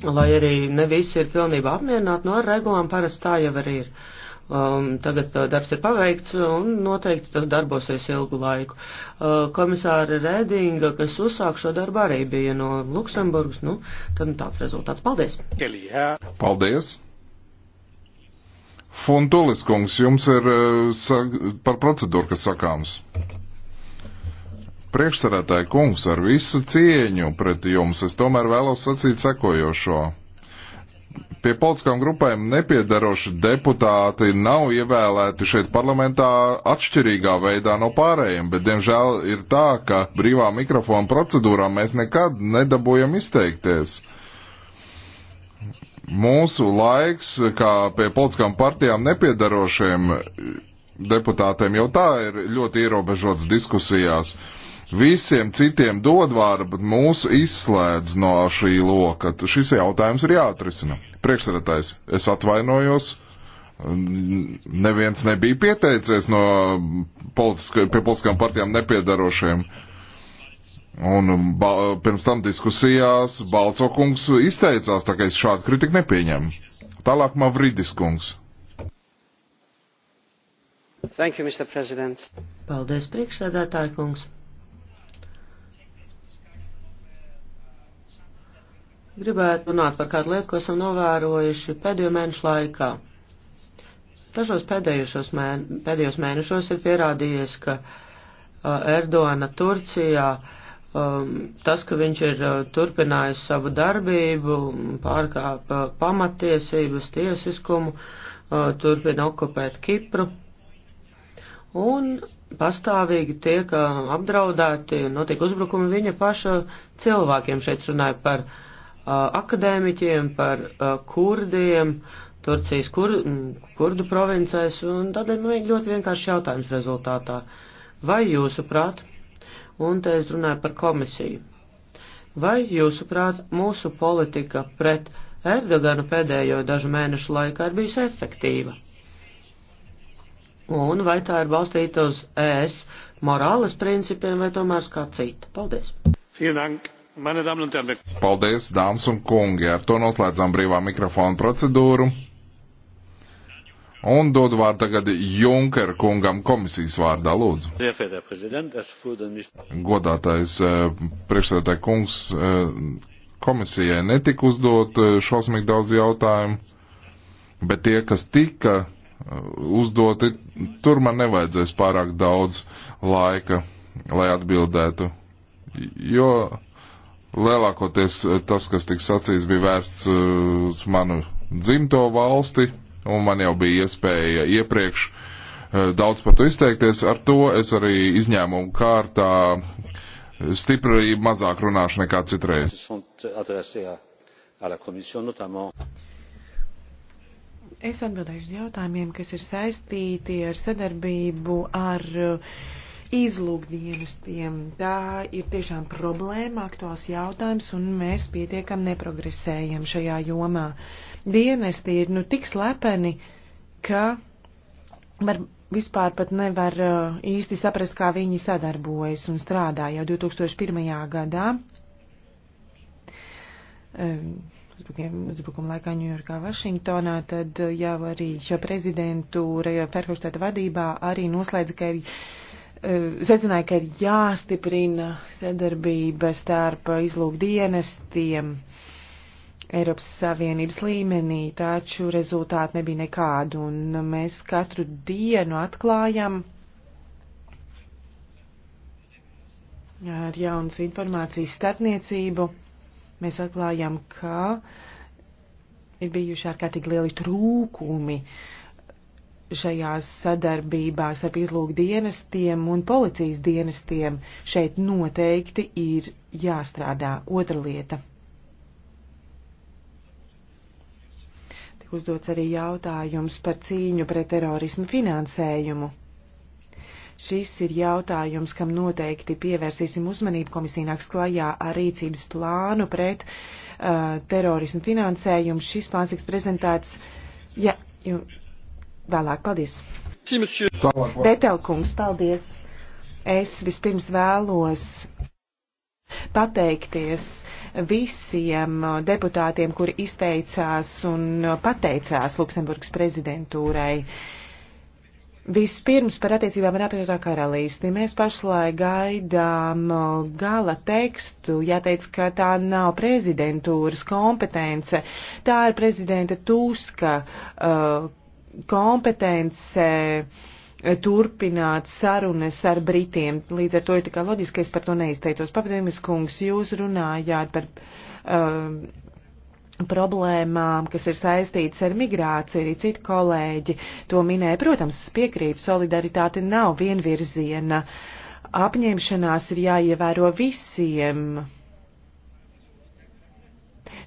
Speaker 3: lai arī ne visi ir pilnībā apmierināti, no nu, ar regulām parasti tā jau arī ir. Um, tagad uh, darbs ir paveikts un noteikti tas darbosies ilgu laiku. Uh, komisāra Rēdinga, kas uzsāk šo darbu, arī bija no Luksemburgas. Nu, tad nu, tāds rezultāts. Paldies!
Speaker 1: Paldies! Funtulis kungs, jums ir uh, par procedūru, kas sakāms. Priekšsarētāji kungs, ar visu cieņu pret jums, es tomēr vēlos sacīt sekojošo. Pie politiskām grupēm nepiedaroši deputāti nav ievēlēti šeit parlamentā atšķirīgā veidā no pārējiem, bet diemžēl ir tā, ka brīvā mikrofona procedūrā mēs nekad nedabūjam izteikties. Mūsu laiks, kā pie politiskām partijām nepiedarošiem deputātiem, jau tā ir ļoti ierobežots diskusijās. Uh, visiem citiem dod vārdu, bet mūsu izslēdz no šī loka. Šis jautājums ir jāatrisina. Priekšsēdētājs, es atvainojos. Neviens nebija pieteicies no politiska, pie politiskām partijām nepiedarošiem. Un um, ba, pirms tam diskusijās Balcokungs izteicās, tā ka es šādu kritiku nepieņemu. Tālāk Mavridis kungs.
Speaker 3: Thank you, Mr. President. Paldies, priekšsēdētāji kungs. Gribētu runāt par kādu lietu, ko esam novērojuši pēdējo mēnešu laikā. Dažos pēdējos, mēn, pēdējos mēnešos ir pierādījies, ka uh, Erdoana Turcijā uh, um, tas, ka viņš ir uh, turpinājis savu darbību, pārkāpa uh, pamatiesības, tiesiskumu, uh, turpina okupēt Kipru. Un pastāvīgi tiek uh, apdraudēti, notiek uzbrukumi viņa paša cilvēkiem. Šeit runāja par uh, akadēmiķiem, par kurdiem, Turcijas kur, kurdu provincēs, un tādēļ man ir ļoti vienkārši jautājums rezultātā. Vai jūsuprāt, un te es runāju par komisiju, vai jūsuprāt mūsu politika pret Erdoganu pēdējo dažu mēnešu laikā ir bijusi efektīva? Un vai tā ir balstīta uz ES morāles principiem vai tomēr kā cita? Paldies!
Speaker 2: Vielen Dank! Paldies,
Speaker 1: dāmas un kungi. Ar to noslēdzām brīvā mikrofona procedūru. Un dodu vārdu tagad Junker kungam komisijas vārdā, lūdzu. Godātais eh, priekšsēdētāji kungs, eh, komisijai netika uzdot eh, šausmīgi daudz jautājumu, bet tie, kas tika uzdoti, tur man nevajadzēs pārāk daudz laika, lai atbildētu. Jo lielākoties eh, tas, kas tika sacīts, bija vērsts eh, uz manu dzimto valsti, un man jau bija iespēja iepriekš eh, daudz par to izteikties. Ar to es arī izņēmumu kārtā stipri mazāk runāšu nekā citreiz.
Speaker 2: Es atbildēšu jautājumiem, kas ir saistīti ar sadarbību ar uh, izlūkdienestiem. Tā ir tiešām problēma, aktuāls jautājums, un mēs pietiekam neprogresējam šajā jomā. Dienesti ir nu tik slepeni, ka var vispār pat nevar uh, īsti saprast, kā viņi sadarbojas un strādā jau 2001. gadā. Um, uzbrukuma laikā Ņujorkā, Vašingtonā, tad jau arī prezidentūra Ferhofstāta vadībā arī noslēdza, ka ir E, secināja, ka ir jāstiprina sadarbība starp izlūkdienestiem Eiropas Savienības līmenī, taču rezultāti nebija nekādu, un mēs katru dienu atklājam ar jaunas informācijas starpniecību. Mēs atklājam, ka ir bijuši ārkārtīgi lieli trūkumi uh, šajās sadarbībās ar izlūk dienestiem un policijas dienestiem šeit noteikti ir jāstrādā. Otra lieta. Tik uzdots arī jautājums par cīņu pret terorismu finansējumu. Šis ir jautājums, kam noteikti pievērsīsim uzmanību. Komisija nāks klajā ar rīcības plānu pret uh, terorismu finansējumu. Šis plāns tiks prezentēts, ja, vēlāk. Paldies! Betelkungs, paldies! Es vispirms vēlos pateikties visiem deputātiem, kuri izteicās un pateicās Luksemburgas prezidentūrai. Vispirms par attiecībām ar apvienotā karalīsti. Mēs pašlaik gaidām gala tekstu, jāteic, ka tā nav prezidentūras kompetence, tā ir prezidenta Tuska uh, kompetence eh, turpināt sarunas ar Britiem. Līdz ar to ir tikai loģiski, es par to neizteicos. Papadēmis kungs, jūs runājāt par um, problēmām, kas ir saistītas ar migrāciju, arī citi kolēģi to minēja. Protams, es piekrītu, solidaritāte nav vienvirziena. Apņemšanās ir jāievēro visiem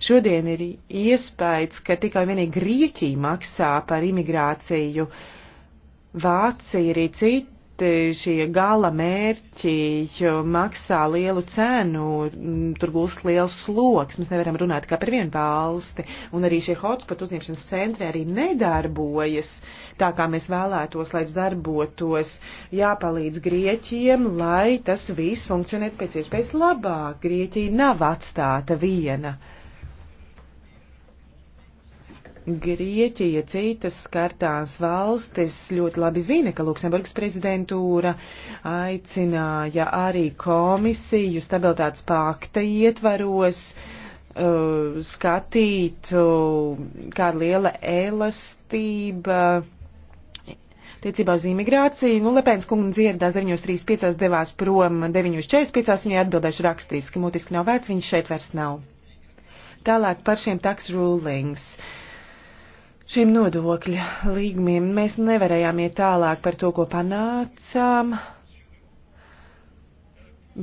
Speaker 2: Šodien ir iespējas, ka tikai vienīgi Grieķija maksā par imigrāciju. Vācija arī citi šie gala mērķi maksā lielu cenu, tur gūst liels sloks, mēs nevaram runāt kā par vienu valsti, un arī šie hotspot uzņemšanas centri arī nedarbojas tā, kā mēs vēlētos, lai darbotos, jāpalīdz Grieķiem, lai tas viss funkcionētu pēc iespējas labāk. Grieķija nav atstāta viena. Grieķija, citas skartās valstis ļoti labi zina, ka Luksemburgas prezidentūra aicināja arī komisiju stabilitātes pakta ietvaros uh, skatīt, uh, kāda liela elastība tiecībā uz imigrāciju. Nu, Lepens kungu dzirdās 9.35, devās prom 9.45, viņai atbildēšu rakstīs, ka mutiski nav vērts, viņš šeit vairs nav. Tālāk par šiem tax rulings. Uh, šiem nodokļu līgumiem. Mēs nevarējām iet tālāk par to, ko panācām.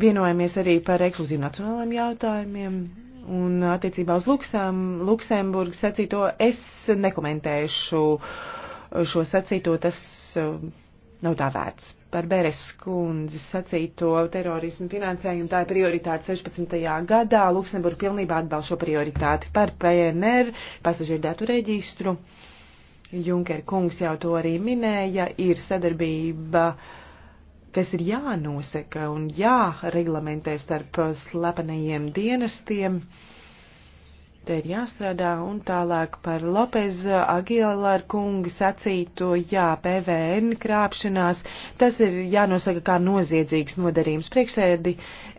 Speaker 2: Vienojamies arī par ekskluzīvu nacionālajiem jautājumiem. Un attiecībā uz Luksam, Luksemburgu sacīto es nekomentēšu šo sacīto. Tas nav tā vērts. Par Beres kundzi sacīto terorismu finansējumu tā ir prioritāte 16. gadā. Luksemburga pilnībā atbalsta šo prioritāti par PNR, pasažieru datu reģistru. Junker kungs jau to arī minēja, ir sadarbība, kas ir jānoseka un jāreglamentē starp slepenajiem dienestiem. Uh, Te ir jāstrādā un tālāk par Lopez eh, Agilāru kungu sacīto, jā, PVN krāpšanās, tas ir jānosaka kā noziedzīgs nodarījums. Priekšsēdi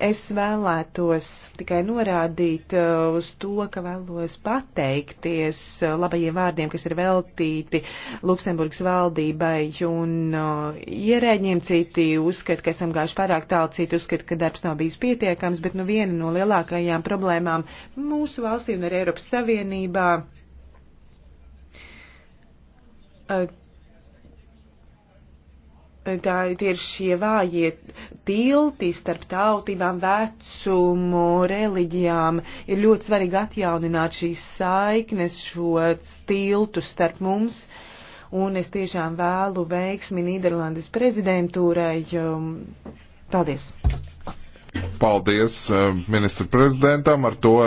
Speaker 2: es vēlētos tikai norādīt eh, uz to, ka vēlos pateikties eh, labajiem vārdiem, kas ir veltīti Luksemburgas valdībai un ierēģiem. Citi uzskata, ka esam gājuši pārāk tālu, citi uzskata, ka darbs nav bijis pietiekams, bet nu viena no lielākajām problēmām mūsu valstī un arī Eiropas Savienībā. Eh, tā tie ir šie vājie tilti starp tautībām, vecumu, reliģijām. Ir ļoti svarīgi atjaunināt šīs saiknes, šo tiltu starp mums. Un es tiešām vēlu veiksmi Nīderlandes prezidentūrai. Um, paldies!
Speaker 1: Paldies eh, ministru prezidentam. Ar to